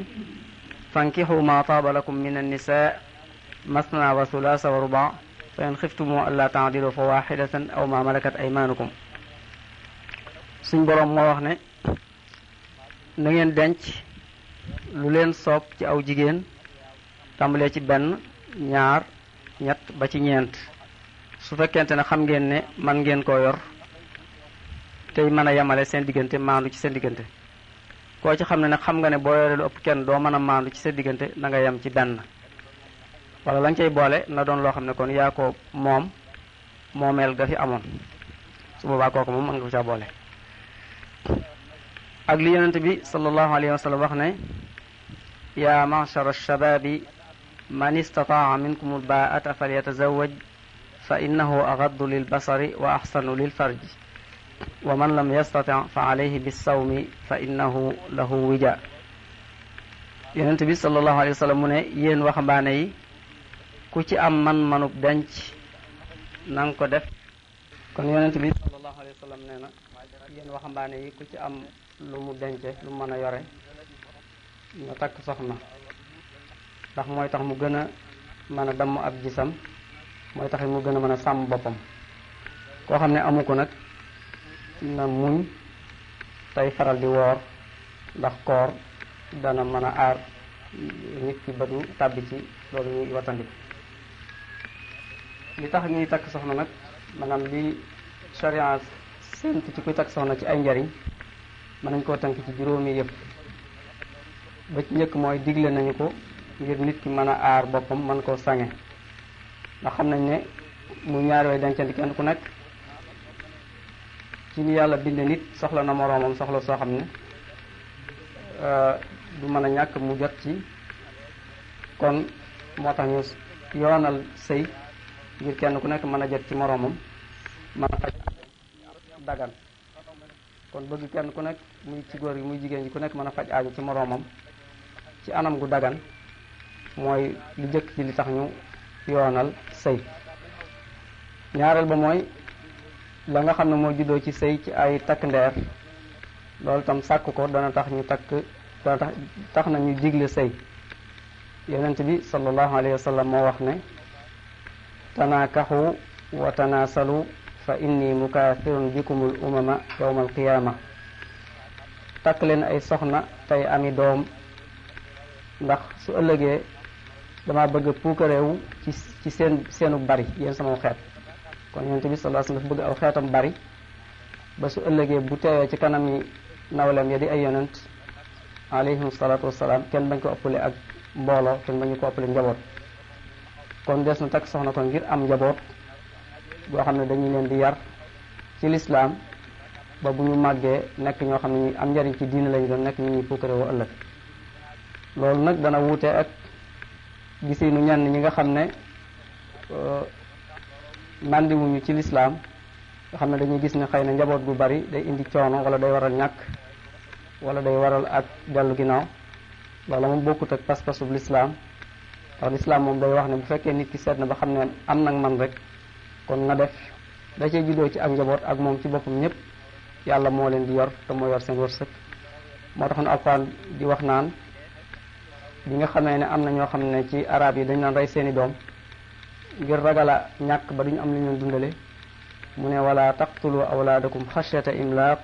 fankihu ma taaba lakum min annisa masna wa sulasa wa ruba fa in khiftumu alla ta'dilu fa wahidatan aw ma malakat aymanukum suñ borom moo wax ne na ngeen denc lu leen soob ci aw jigéen tàmbalee ci benn ñaar ñett ba ci ñeent su fekkente ne xam ngeen ne man ngeen koo yor tey mën a yemale seen diggante maandu ci seen diggante koo ci xam ne nag xam nga ne boo yoree lu ëpp kenn doo mën a maandu ci sa diggante na nga yem ci benn walla la nga boole na doon loo xam ne kon yaa ko moom moomeel ga fi amoon su boobaa kooku moom mën nga ko caa boole ak li bi sallallahu alayhi wa sallam wax ne yaa machara shababi man istataa minkum al baata falyatazawaj fa innahu agaddu lil basari wa axsanu lil farji wa man lam yastati fa alayhi bisawmi fa innahu lahu wija yonent bi sallallahu alayhi wa mu ne yéen waxambaane yi ku ci am man-manub denc na nga ko def kon yonent bi sallallahu alayhi wa ne nee na yéen waxambaane yi ku ci am lu mu dence lu mën a yore nga takk soxna ndax mooy tax mu gën a mën a damm ab jisam mooy tax mu gën a mën a sàmm boppam koo xam ne amu nag na muñ tay faral di woor ndax koor dana mën a aar nit ki ba du tàbbi ci loolu ñuy watandiku li tax ñuy takk soxna nag maanaam li sharia sent ci kuy takk soxna ci ay njariñ mën nañ koo tënk ci juróomi yëpp ba ci njëkk mooy digle nañu ko ngir nit ki mën a aar boppam mën koo sange ndax xam nañ ne mu ñaari way dencandi kenn ku nekk ci ni yàlla bind nit soxla na moroomam soxla soo xam ne euh, du mën a mu jot ci kon moo tax ñu yoonal sëy ngir kenn ku nekk mën a jot ci moroomam mën a dagan kon bëgg kenn ku nekk muy ci góor yi muy jigéen yi ku nekk mën a faj aajo ci moroomam ci anam gu dagan mooy li jëkk ci li tax ñu yoonal sëy ñaareel ba mooy la nga xam ne moo juddoo ci sëy ci ay takk ndeer loolu tam sàkk ko dana tax ñu takk dana tax tax na ñu digle sëy yonent bi sallallahu alayhi wa moo wax ne tanaakaxu wa tanaasalu fa indi mukaafirun bikumul umama yawmal qiyaama takk leen ay soxna tey ami doom ndax su ëllëgee dama bëgg puukareewu ci ci seen seenu bari yéen sama xeet kon yonent bi sallallahu alayhi wasallam dafa bëgg aw xeetam bari ba su ëllëgee bu teewee ci kanam yi nawleem ya di ay yonent alayhim salaatu wasalaam kenn bañ ko ëppale ak mbooloo kenn bañu ko ëppale njaboot kon des na takk soxna ko ngir am njaboot boo xam ne dañuy leen di yar ci lislaam ba bu ñu màggee nekk ñoo xam ne ñu am njariñ ci diine lañu doon nekk ñu ñuy puukare woo ëllëg loolu nag dana wuute ak gisiinu ñenn ñi nga xam ne euh, wuñu ci l'islam nga xam ne dañuy gis ne xëy na njaboot gu bari day indi coono wala day waral ñàkk wala day waral ak dellu ginnaaw loola moom bokkut ak pas-pasub l'islam ndax l'islam moom day wax ne bu fekkee nit ki seet na ba xam ne am nag man rek kon na def da cee juddoo ci ak njaboot ak moom ci boppam ñëpp yàlla moo leen di yor te moo yor seen wërsëg moo taxoon alquran di wax naan bi nga xamee ne am na ñoo xam ne ci arab yi dañ naan rey seeni doom ngir ragala ñàkk ba duñu am lu ñu dundale mu ne wala taqtulu awlaadakum xashyata imlaaq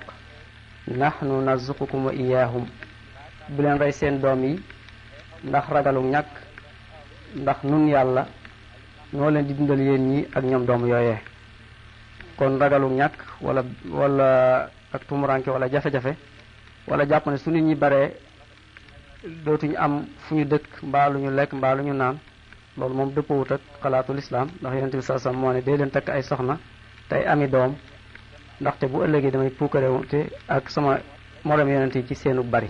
nahnu narzuqukum wa iyaahum bu leen rey seen doom yi ndax ragalu ñàkk ndax nun yàlla noo leen di dundal yéen ñi ak ñoom doom yooyee kon ragalu ñàkk walla walla ak tumuranke wala jafe-jafe wala jàpp su nit ñi baree dootuñu am fu ñu dëkk mbaa lu ñu lekk mbaa lu ñu naan loolu moom dëppawut ak xalaatul islaam ndax yonent bi saasam moo ne dee leen takk ay soxna tey ami doom ndaxte bu ëllëgee damay puukarewu te ak sama morom yonent yi ci seenu bari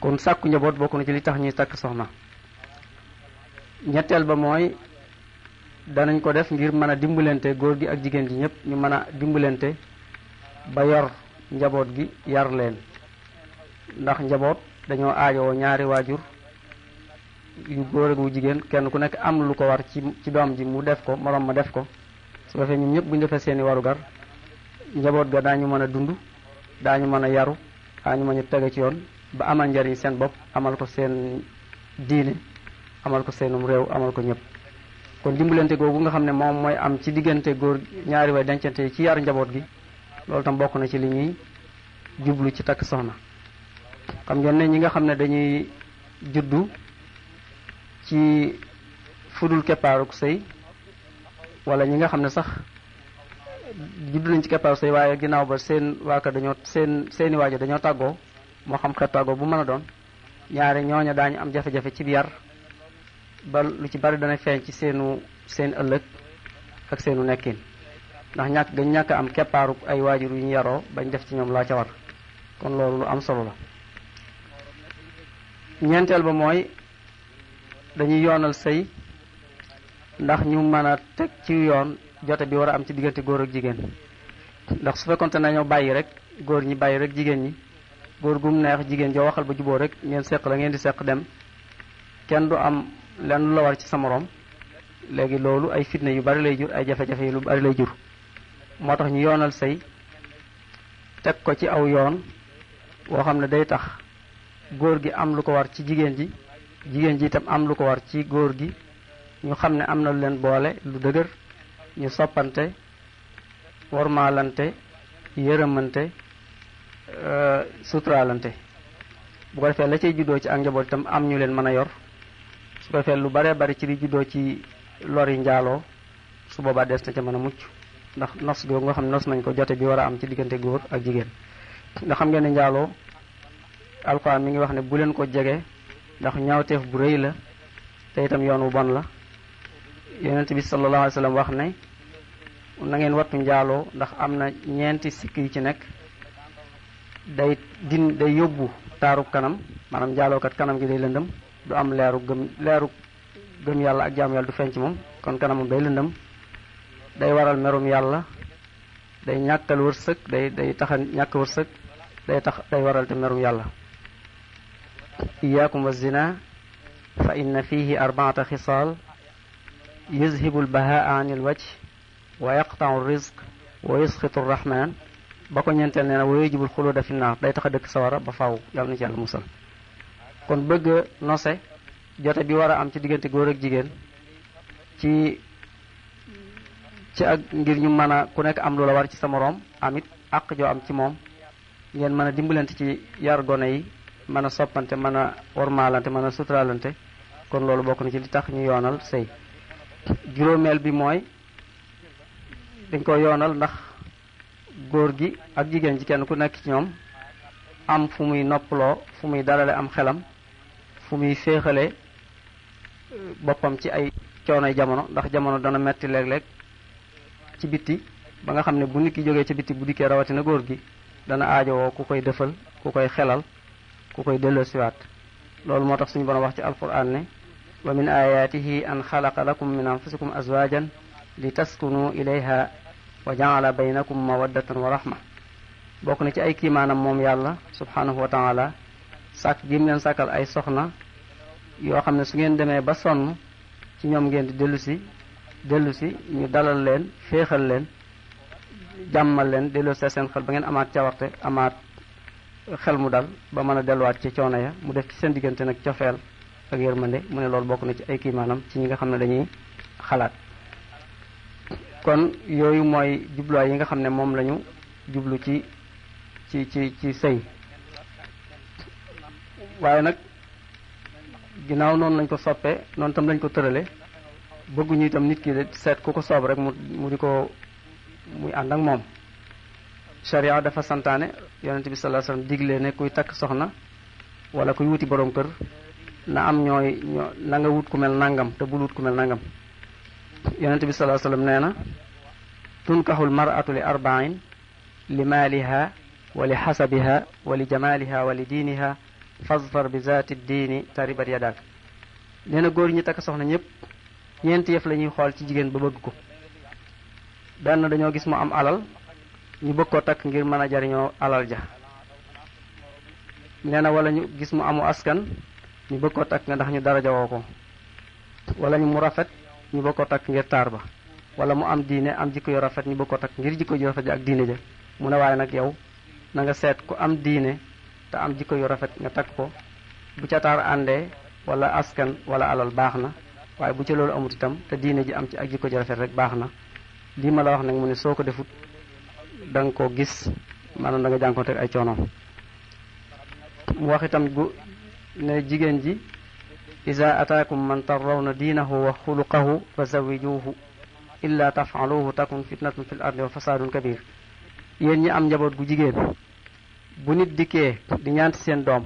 kon sàkku njaboot bokk na ci li tax ñuy takk soxna ñetteel ba mooy danañ ko def ngir mën a dimbalante góor gi ak jigéen ji ñëpp ñu mën a dimbalante ba yor njaboot gi yar leen ndax njaboot dañoo aajowoo ñaari waajur yu góor ak wu jigéen kenn ku nekk am lu ko war ci ci doom ji mu def ko moroom ma def ko su defee ñu ñëpp bu ñu defee seeni warugar njaboot ga daañu mën a dund daañu mën a yaru daañu mën a tege ci yoon ba amal njariñ seen bopp amal ko seen diine amal ko seenum réew amal ko ñëpp kon dimbalante googu nga xam ne moom mooy am ci diggante góor ñaari way dencante yi ci yar njaboot gi loolu tam bokk na ci li ñuy jublu ci takk soxna xam ngeen ne ñi nga xam ci fudul keparuk sey wala ñi nga xamne sax giddu nañ ci keparuk sey waye ginaaw ba seen waaka dañoo seen seeni waaja dañoo taggo mo xam xeet taggo bu mëna doon ñaari ñoña dañ am jafé jafé ci biyar ba lu ci bari dana feeñ ci seenu seen ëlëk ak seenu nekkin ndax ñak gañ am keparuk ay waajur yu ñu bañ def ci ñom la ca war kon loolu lu am solo la ñentel ba moy dañuy yoonal sey ndax ñu mën a teg ci yoon jote bi war a am ci diggante góor ak jigéen ndax su fekkonte nañoo bàyyi rek góor ñi bàyyi rek jigéen ñi góor gum neex jigéen ja waxal ba juboo rek ngeen seq la ngeen di seq dem kenn du am lenn la war ci sa morom léegi loolu ay fitna yu bari lay jur ay jafe-jafe yu bari lay jur moo tax ñu yoonal sey teg ko ci aw yoon woo xam ne day tax góor gi am lu ko war ci jigéen ji jigéen ji itam am lu ko war ci góor gi ñu xam am na lu leen boole lu dëgër ñu soppante warmaalante yërëmante euh, suturaalante bu ko defee la cay juddoo ci ak njaboot itam am ñu leen mën a yor su ko defee lu bare bari ci di juddoo ci lori njaaloo su boobaa des na ca mën a mucc ndax nos go nga xam nos nañ ko jote bi war a am ci diggante góor ak jigéen ndax xam ngeen ne njaaloo alquran mi ngi wax ne bu leen ko jege ndax ñaawteef bu rëy la te itam yoonu bon la yonent bi sallallahu alayhi wax ne na ngeen wattu njaaloo ndax am na ñeenti sikk yu ci nekk day din day yóbbu taarub kanam maanaam njaalookat kanam gi day lëndëm du am leeru gëm leeru gëm yàlla ak jaamu yàlla du feeñ ci moom kon kanamam day lëndëm day waral merum yàlla day ñàkkal wërsëg day day taxa ñàkk wërsëg day tax day waral te merum yàlla iyaakum wa zina fa inna fihi arbaata xisaal yuzhibu lbahaa an ilwaj wa yaqtau rizq wa yusxitu rrahman ba ko ñeenteel nee na wa yujibul xuluda fi naar day tax a dëkk sawara ba faw yàlla na ci yàlla musal kon bëgg nose jote bi war a am ci diggante góor ak jigéen ci ci ak ngir ñu mën a ku nekk am lu war ci sa moroom amit àq joo am ci moom ngeen mën a dimbalante ci yar gone yi mën a soppante mën a wormaalante mën a suturaalante kon loolu bokk na ci li tax ñu yoonal sëy juróomeel bi mooy dañ ko yoonal ndax góor gi ak jigéen ji kenn ku nekk ci ñoom am fu muy noppaloo fu muy darale am xelam fu muy féexale euh, boppam ci ay coonoy jamono ndax jamono dana metti léeg-léeg ci bitti ba nga xam ne bu nit ki jógee ci bitti bu dikkee rawatina góor gi dana aajowoo ku koy defal ku koy xelal ku koy delloo siwaat loolu moo tax suñu a wax ci alquran ne wa min ayatihi an xalaqa lakum min anfusikum azwajan li taskunu ilayha wa jaala baynakum mawaddatan wa rahma bokk na ci ay kiimaanam moom yàlla subhanahu wa taala sàkk gi mu leen sàkkal ay soxna yoo xam ne su ngeen demee ba sonn ci ñoom ngeen di dellu si dellu si ñu dalal leen féexal leen jàmmal leen delloo si seen xel ba ngeen amaat cawarte amaat xel mu dal ba mën a delluwaat ci coono ya mu def ci seen diggante nag cofeel ak yërmande mu ne loolu bokk na ci ay kii maanaam ci ñi nga xam ne dañuy xalaat kon yooyu mooy jubluwaay yi nga xam ne moom lañu jublu ci ci ci ci sëy waaye nag ginnaaw noonu lañ ko soppee noonu tam lañ ko tërale bëgguñu itam nit ki seet ku ko soob rek mu mu di ko muy ànd ak moom sharia dafa santane yonente bi sallallahu alayhi wasallam digle ne kuy tak soxna wala kuy wuti borom kër na am ñoy na nga wut ku mel nangam te bu wut ku mel nangam yonente bi sallallahu alayhi wasallam neena tunkahul mar'atu li arba'in li maliha wa li hasabiha wa li jamaliha wa li diniha fazfar bi zati dini taribat yadak neena goor ñi tak soxna ñep ñent yef lañuy xol ci jigen ba bëgg ko ben dañu gis mu am alal ñu bëkkoo takk ngir mën a jariñoo alal ja nee na wala ñu gis mu amu askan ñu bëkkoo takk nga ndax ñu dara jawoo ko wala ñu mu rafet ñu bëkkoo takk ngir taar ba wala mu am diine am jikko yu rafet ñu bëkkoo takk ngir jikko yu rafet ak diine ja mu ne waaye nag yow na nga seet ku am diine te am jikko yu rafet nga takk ko bu ca taar àndee wala askan wala alal baax na waaye bu ca loolu amut itam te diine ji am ci ak jikko ji rafet rek baax na lii ma la wax nag mu ne soo ko defut da ko gis maanaam da nga jànkoonteeg ay coono mu wax itam gu ne jigéen ji iza ataakum man tarrawna diinahu wa xuluqahu fa zawijuhu illa tafaluhu takun fitnatun fil ardi wa fasadun kabir yéen ñi am njaboot gu jigéen bu nit dikkee di ñaan seen doom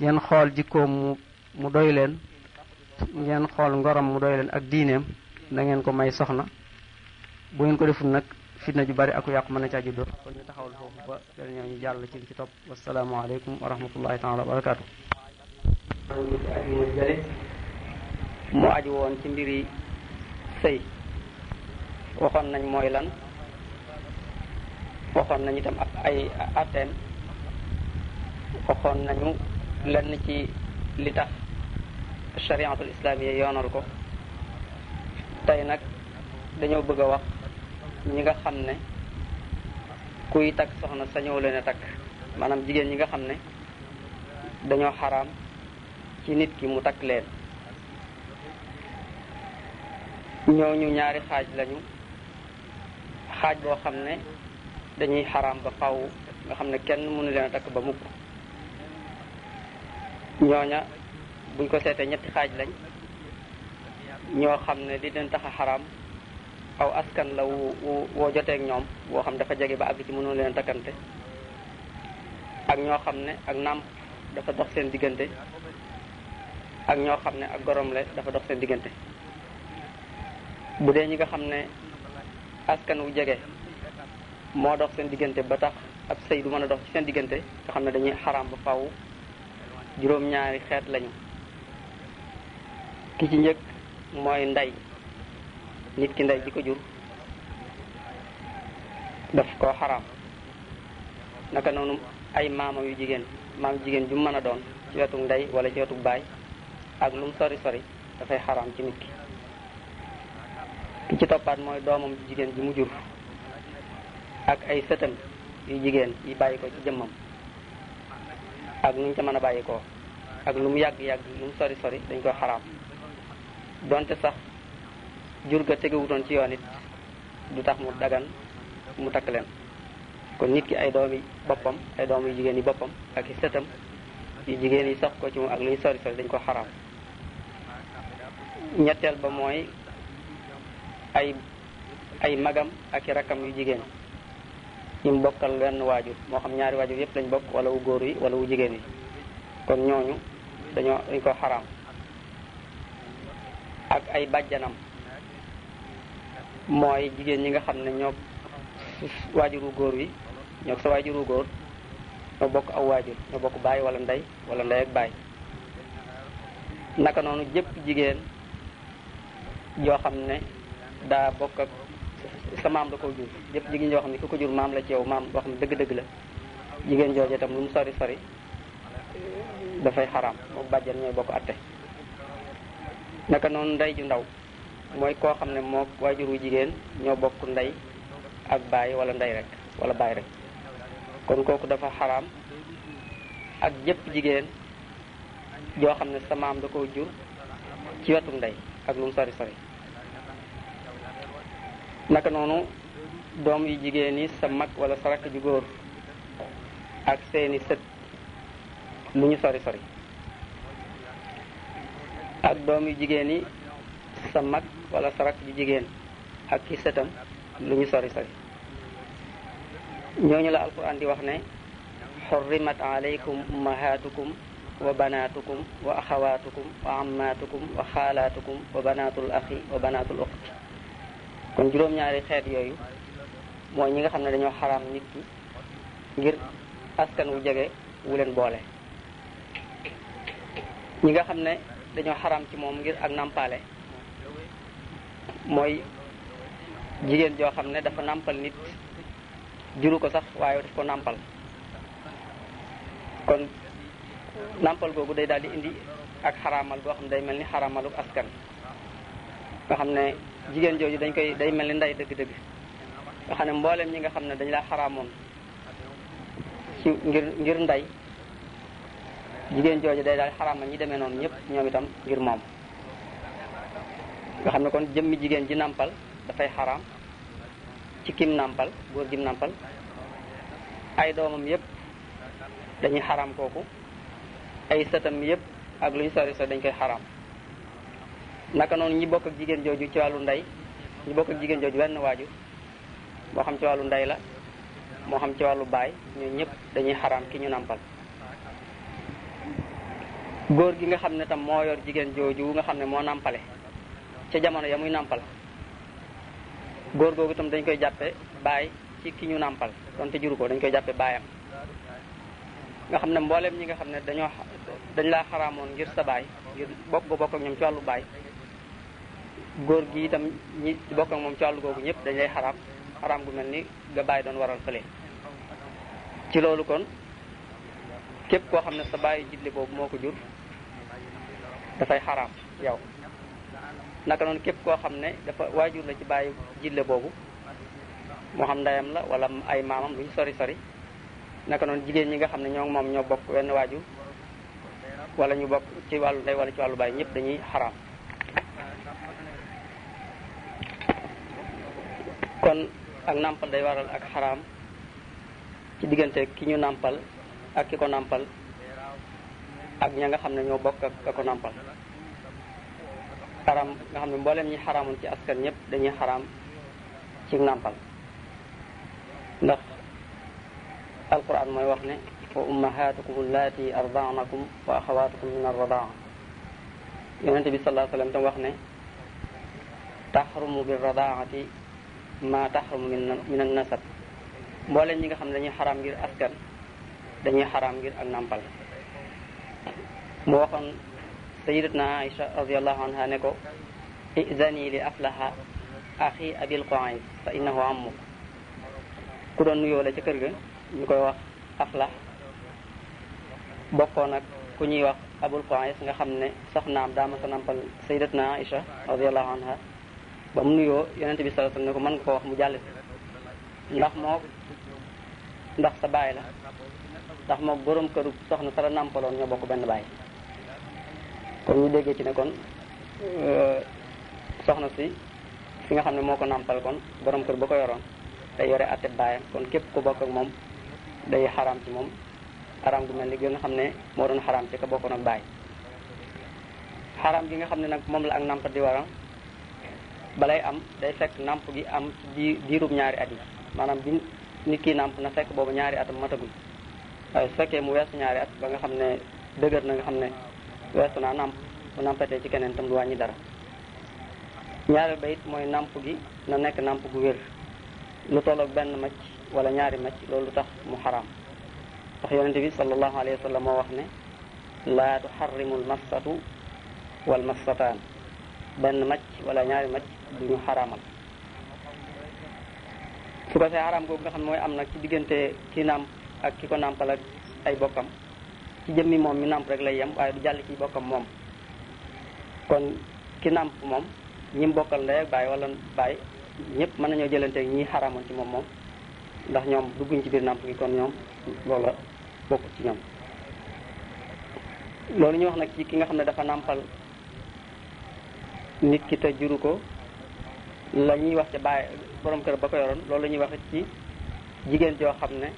ngeen xool jikkoom mu mu doy leen ngeen xool ngorom mu doy leen ak diineem dangeen ko may soxna bu ngeen ko deful nag fitna ju bari aku yàqu mën na caa ñu taxawal foofu ba jàll ci ci topp wasalaamaaleykum wa rahmatullahi taala wa barakaatu mu aju woon ci yi sëy waxoon nañ mooy lan waxoon nañu itam ay atem waxoon nañu lenn ci li tax chariatul islamiya yoonal ko tey nag dañoo bëgg a wax ñi nga xam ne kuy takk soxna sañoo leen a takk maanaam jigéen ñi nga xam ne dañoo xaraam ci nit ki mu takk leen ñooñu ñaari xaaj lañu xaaj boo xam ne dañuy xaraam ba faw nga xam ne kenn mënu leen a takk ba mukk ñooña buñ ko seetee ñetti xaaj lañ ñoo xam ne li leen tax a xaraam aw askan la wu woo joteeg ñoom woo xam dafa jege ba àgg mënoo leen takkante ak ñoo xam ne ak nàmp dafa dox seen diggante ñoo xam ne ak gorom le dafa dox seen diggante bu dee ñi nga xam ne askan wu jege moo dox seen diggante ba tax ab sëy du mën a dox ci seen diggante nga xam ne dañuy xaram ba faw juróom-ñaari xeet lañu ki ci njëkk mooy ndey nit ki ndey ji ko jur daf koo xaraam naka noonu ay maamam yu jigéen maam jigéen ju mën a doon ci wetu ndey wala ci wetu baay ak lu mu sori sori dafay xaraam ci nit ki ci toppaat mooy doomam jigéen ju mu jur ak ay sëtam yu jigéen yi bàyyi ko ci jëmmam ak nu ñu mën a bàyyi ak lu mu yàgg-yàgg lu mu sori sori dañ koy xaraam donte sax jur ga wuton ci yonit du tax mu dagan mu tak len kon nit ki ay doomi bopam ay doomi jigen yi bopam ak setam yi jigen yi sax ko ci mu ak luy sori sori dañ ko haram ñettel ba moy ay ay magam ak rakam yu jigéen ñim bokkal len wajur mo xam ñaari wajur yep lañ bok wala wu yi wala wu jigen yi kon ñoñu dañu ko haram ak ay bajjanam mooy jigéen ñi nga xam ne ñoo waajuru góor wi ñoo sa waajuru góor ñoo bokk aw waajur ñoo bokk baay wala ndey wala ndey ak baay naka noonu jëpp jigéen yoo xam ne daa jëpp jigéen yoo xam ne ku ko jur maam la ci yow maam boo xam ne dëgg-dëgg la jigéen jooju itam lu mu sori sori dafay xaraam moom bàjjen ñooy bokk atte naka noonu ndey ju ndaw mooy koo xam ne moog waajur wu jigéen ñoo bokk ndey ak baay wala ndey rek wala baay rek kon kooku dafa xaraam ak jëpp jigéen joo xam ne sa maam da koo jur ci wetu ndey ak lu mu sori sori naka noonu doom yu jigéen yi sa mag wala sa rakk ju góor ak seeni sët lu ñu sori sori ak doom yu jigéen yi sa mag wala sarak rakk ji ak ki setam lu sori sori ñoñu la alquran di wax ne حرمت عليكم أمهاتكم وبناتكم وأخواتكم وعماتكم وخالاتكم وبنات الأخ وبنات الأخت kon juróom ñaari xeet yooyu mooy ñi nga xam ne dañoo nit ki ngir askan wu jege wu leen boole ñi nga xam ne dañoo ci mooy jigéen joo xam ne dafa nampal nit juru ko sax waaye daf ko nampal kon nampal googu day daal di indi ak xaraamal go xam day mel ni xaraamalu askan nga xam ne jigéen jooju dañ koy day mel ni nday dëgg-dëgg nga xam ne mboolem ñi nga xam ne dañ laa xaraamoon ci ngir ngir nday jigéen jooju day daal xaraamal ñi demee noonu ñëpp ñoom itam ngir moom nga xam ne kon jëmmi jigéen ji nàmpal dafay xaraam ci kim nàmpal góor gim nàmpal ay doomam yépp dañuy xaraam kooku ay sëtam yépp ak lu ñu sori sori dañ koy xaram naka noonu ñi bokk ak jigéen jooju ci wàllu ndey ñi bokk ak jigéen jooju wenn waaju moo xam ci wàllu ndey la moo xam ci wàllu baay ñoo ñëpp dañuy xaram ki ñu nàmpal góor gi nga xam ne tam moo yor jigéen jooju nga xam ne moo nàmpale ca jamono ya muy nàmpal góor googu itam dañ koy jàppe baay ci ki ñu nàmpal donte juru ko dañ koy jàppe baayam nga xam ne mbooleem ñi nga xam ne dañoo dañ laa xaramoon ngir sa baay ngir bokk go bokk ak ñoom ci wàllu baay góor gi itam ñi bokk moom ci wàllu googu ñëpp dañ lay xaraam xaraam gu mel ni nga baay doon waral fële ci loolu kon képp koo xam ne sa bàyyi jibli boobu moo ko jur dafay xaraam yow naka noonu képp koo xam ne dafa waajur la ci bàyyi jille boobu moo xam ndeyam la wala ay maamam luñ sori sori naka noonu jigéen ñi nga xam ne ñoo moom ñoo bokk wenn waajur wala ñu bokk ci wàllu ndey wala ci wàllu bàyyi ñëpp dañuy xaraam kon ak nàmpal day waral ak xaraam ci diggante ki ñu nàmpal ak ki ko nàmpal ak ña nga xam ne ñoo bokk ak nàmpal xaram nga xam ne mboolem ñi xaraamoon ci askan ñëpp dañuy xaraam ci nàmpal ndax alquran mooy wax ne wa ummahatukum allati ardaanakum wa axawatukum min arradaa yonente bi salaa sallam tam wax ne taxrumu bi radaati ma taxrumu min an nasab mboolem ñi nga xam ne dañuy xaraam ngir askan dañuy xaraam ak nàmpal sayyidatna Aïcha radiallahu anha ne ko izani li aflaha axi abil qoayn fa innahu ammuk ku doon nuyoo la ca kër ga ñu koy wax aflah bokkoon ak ku ñuy wax abul si nga xam ne soxnaam daa ma sa nampal sayyidatna Aïcha radiallahu anha ba mu nuyoo yonent bi sallallahu alayhi wasallam ne ko mën nga ko wax mu jàll ndax moo ndax sa baay la ndax moo borom këru soxna sala nampaloon ñoo bokk benn baay kon ñu déggee ci ne kon euh, soxna si fi nga xam ne moo ko nàmpal kon borom kër ba ko yoroon day yore atte baayam kon képp ku bokk ak moom day xaraam ci moom xaram gu mel ni gi nga xam ne moo doon xaraam ci ka bokkoon ak baay xaraam gi nga xam ne nag moom la ak nàmp di waral balay am day fekk nàmp gi am ci diirub ñaari at yi maanaam bi nit ki nàmp na fekk boobu ñaari atam matagul waaye su fekkee mu weesu ñaari at ba nga xam ne dëgër na nga xam ne weesuna namp bu nampete ci keneen tam du wàññi dara ñaareel ba it mooy namp gi na nekk namp gu wér lu tolloog benn macc wala ñaari macc loolu tax mu xaraam ndax yonente bi salallahu alayhi wa sallam moo wax ne laa tuxarrimu lmassatu walmassataan benn macc wala ñaari macc duñu xaraamal su ko see xaraam googu nga xam mooy am nag ci diggante ki namp ak ki nampal ak ay bokkam ci jëmmi moom mi nàmp rek lay yem waaye du jàll ci bokkam moom kon ki nàmp moom ñi bokkal ndey ak bàyyi wala bàyyi ñëpp mën nañoo jëlante ñi xaraamoon ci moom moom ndax ñoom dugguñ ci biir nàmp gi kon ñoom loola bokk ci ñoom loolu ñu wax nag ci ki nga xam ne dafa nàmpal nit ki te juru ko la ñuy wax ca bàyyi borom kër ba ko yoroon loolu la ñuy wax ci jigéen joo xam ne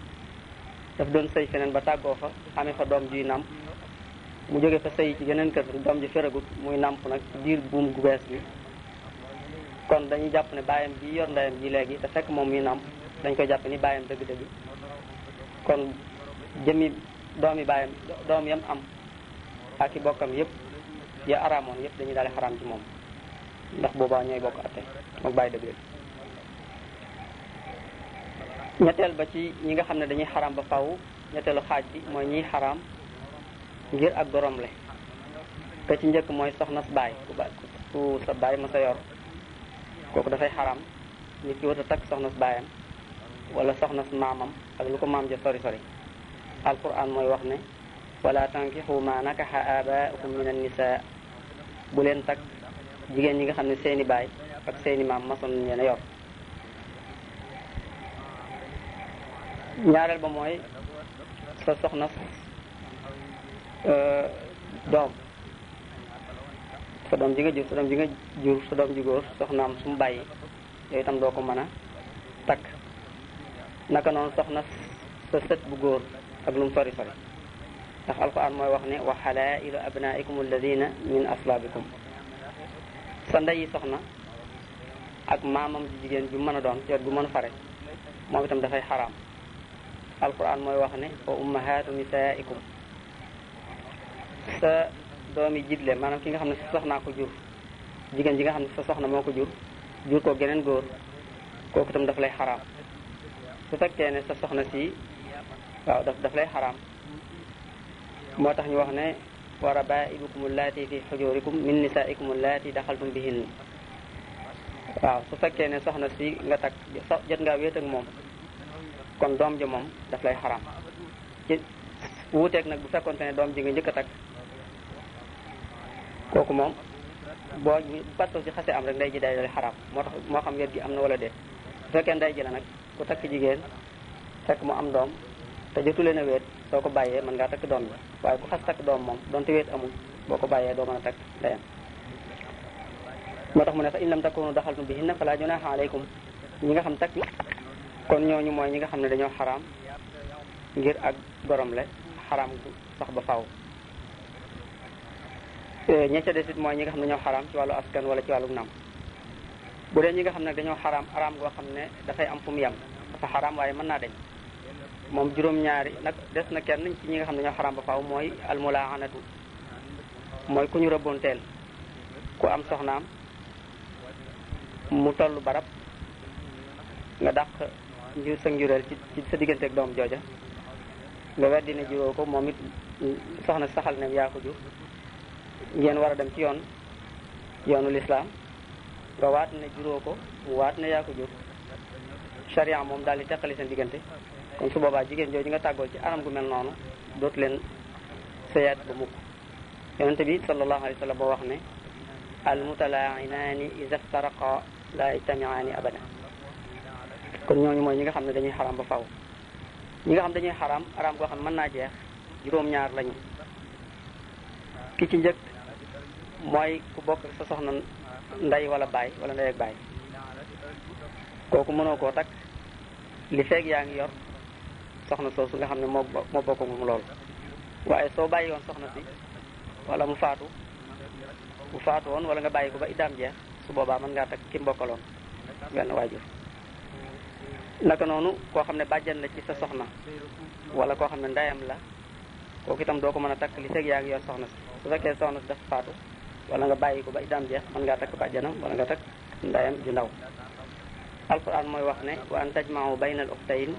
daf doon sëy feneen ba tàggoo fa amee fa doom juy nàmp mu jóge fa sëy ci geneen kër doom ji feragut muy nàmp nag biir buum gu bees bi kon dañuy jàpp ne baayam bi yor ndeyam ji léegi te fekk moom muy nàmp dañ koy jàpp ni baayam dëgg-dëgg kon jëmi doomi baayam doom yam am ak i bokkam yëpp ya araamoon yëpp dañuy daal di xaraam ci moom ndax boobaa ñooy bokk atte mook bàyyi dëgg-dëgg ñetteel ba ci ñi nga xamne dañuy haram ba faaw ñetteelu xaj bi moy ñi haram ngir ak borom le ka ci ñeek moy soxna baay ku ba ku sa baay ma sa yor da fay haram ni ci wota tak soxna baayam wala soxna mamam ak lu ko mam je sori sori alquran moy wax ne wala tankihu ma nakaha aba'ukum minan nisa bu len tak jigen ñi nga xamne seeni baay ak seeni ma son ñena yor ñaareel ba mooy sa soxna euh, doom sa doom ji nga jur sa doom ji nga jur sa doom ji góor soxnaam su mu bàyyi yooyu itam doo ko mën takk naka noonu soxna sa sët bu góor ak lu mu sori sori ndax alquran mooy wax ne wa xalaa'ilu abnaa'ikum alladina min aslaabikum sa ndeyi soxna ak maamam ji jigéen ju mën a doon jot bu mën a fare moom itam dafay xaraam alquran moy wax ne wa ummahatu nisaikum sa doomi jidle manam ki nga xamne ne sa soxnaa ko jur jigen ji nga xamne sa soxna moko jur jur ko geneen goor koku tam daf lay haram su fekkee ne sa soxna si waaw daf daf lay haram motax ñu wax ne wa rabaibukum allati fi hujurikum min nisaikum allati dakhaltum bihin waaw su fekkee ne soxna si nga tak jot nga wet ak mom kon doom ji moom daf lay xaram ci wuuteeg nag bu fekkonte ne doom ji nga jëkk a takk kooku moom boo battoo ci xase am rek ndey ji day lay xaram moo tax moo xam gi am na wala dee bu fekkee ndey nag ku takk jigéen fekk mu am doom te jotuleen a wéet soo ko bàyyee mën ngaa takk doom bi waaye ku xas takk doom moom donte wéet amul boo ko bàyyee doo mën a mu ne fa in lam takunu daxaltum bihinna fala nga xam takk kon ñooñu mooy ñi nga xam ne dañoo xaraam ngir ak gorom le xaraam gu sax ba faaw eh, ña ca desit mooy ñi nga xam ne ñu xaraam ci wàllu askan wala ci wàllu naam bu dee ñi nga xam ne dañoo xaraam xaraam goo xam ne dafay am fu mu yem dafa xaraam waaye mën naa deñ moom juróom-ñaari nag des na kenn ci ñi nga xam ne dañoo xaraam ba faaw mooy almulaaxanatu mooy ku ñu rëbboonteel ku am soxnaam mu tollu barab nga dàq juusag juróom ci ci sa diggante ak doom jooja nga weddi ne juróo ko moom it soxna saxal ne yaa ko jur ngeen war a dem ci yoon yoonu lislaam nga waat ne juróo ko waat ne yaa ko jur charia moom daal di teqali seen diggante kon su boobaa jigéen jooju nga tàggoo ci anam gu mel noonu dootu leen sëyaat ba mukk yonente bi sallallahu alayhi wa sallam boo wax ne al mutalaainaani iza ftaraqa laa yajtamiaani abada kon ñooñu mooy ñi nga xam ne dañuy xaraam ba faw ñi nga xam dañuy xaraam araam goo xam ne mën naa jeex juróom-ñaar lañu ki ci njëkk mooy ku bokk sa soxna ndey wala baay wala ndey ak baay kooku mënoo koo takk li feeg yaa ngi yor soxna su nga xam ne moo moo loolu waaye soo bàyyi woon soxna si wala mu faatu mu faatu woon wala nga bàyyi ko ba iddaam jeex su boobaa mën ngaa takk ki mbokkaloon benn waajur naka noonu koo xam ne bàjjan la ci sa soxna wala koo xam ne ndayam la kooku itam doo ko mën a takk li fekk yaa ngi yor soxna si su fekkee soxna si dafa faatu wala nga bàyyi ko ba itam jeex ngaa takk bàjjanam wala nga takk ndayam ju ndaw alquran mooy wax ne wa an tajmau bayna al uxtayn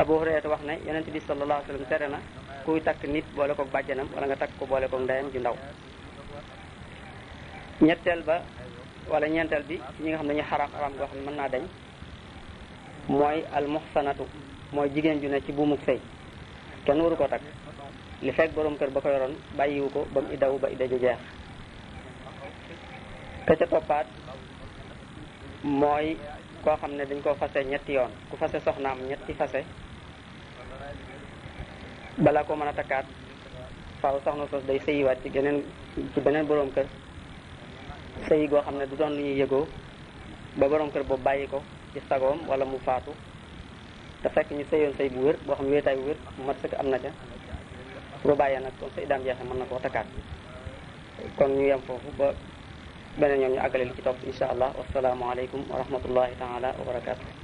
abu wax ne yonent bi sa alayhi wa sallam tere na kuy takk nit boole koog bàjjanam wala nga takk ko boole koog ndayam ju ndaw ñetteel ba wala ñeenteel bi ñi nga xam ne ñu xaraam xaraam goo xam ne mën naa dañ mooy muhsanatu mooy jigéen ju ne ci buumuk sëy kenn waru ko takk li fekk borom kër ba ko yoroon bàyyiwu ko ba mu ba ida jaja. jeex ka ca toppaat mooy koo xam ne dañ koo fase ñetti yoon ku fase soxnaam ñetti fase bala ko mën a takkaat faaw soxna sos day sëyiwaat ci geneen ci beneen borom kër sëyi goo xam ne du doon lu ñuy yëgoo ba borom kër boobu bàyyi ko ci sagoom wala mu faatu te fekk ñu sëyoon sëy bu wér boo xam wéetaay bu wér mat sëkk am na ca bu bàyyee nag kon sëy jeexe mën na takkaat kon ñu yem foofu ba beneen yoon ñu àggale li ci topp insha allah wasalaamualeykum wa rahmatullahi taala wa barakatuh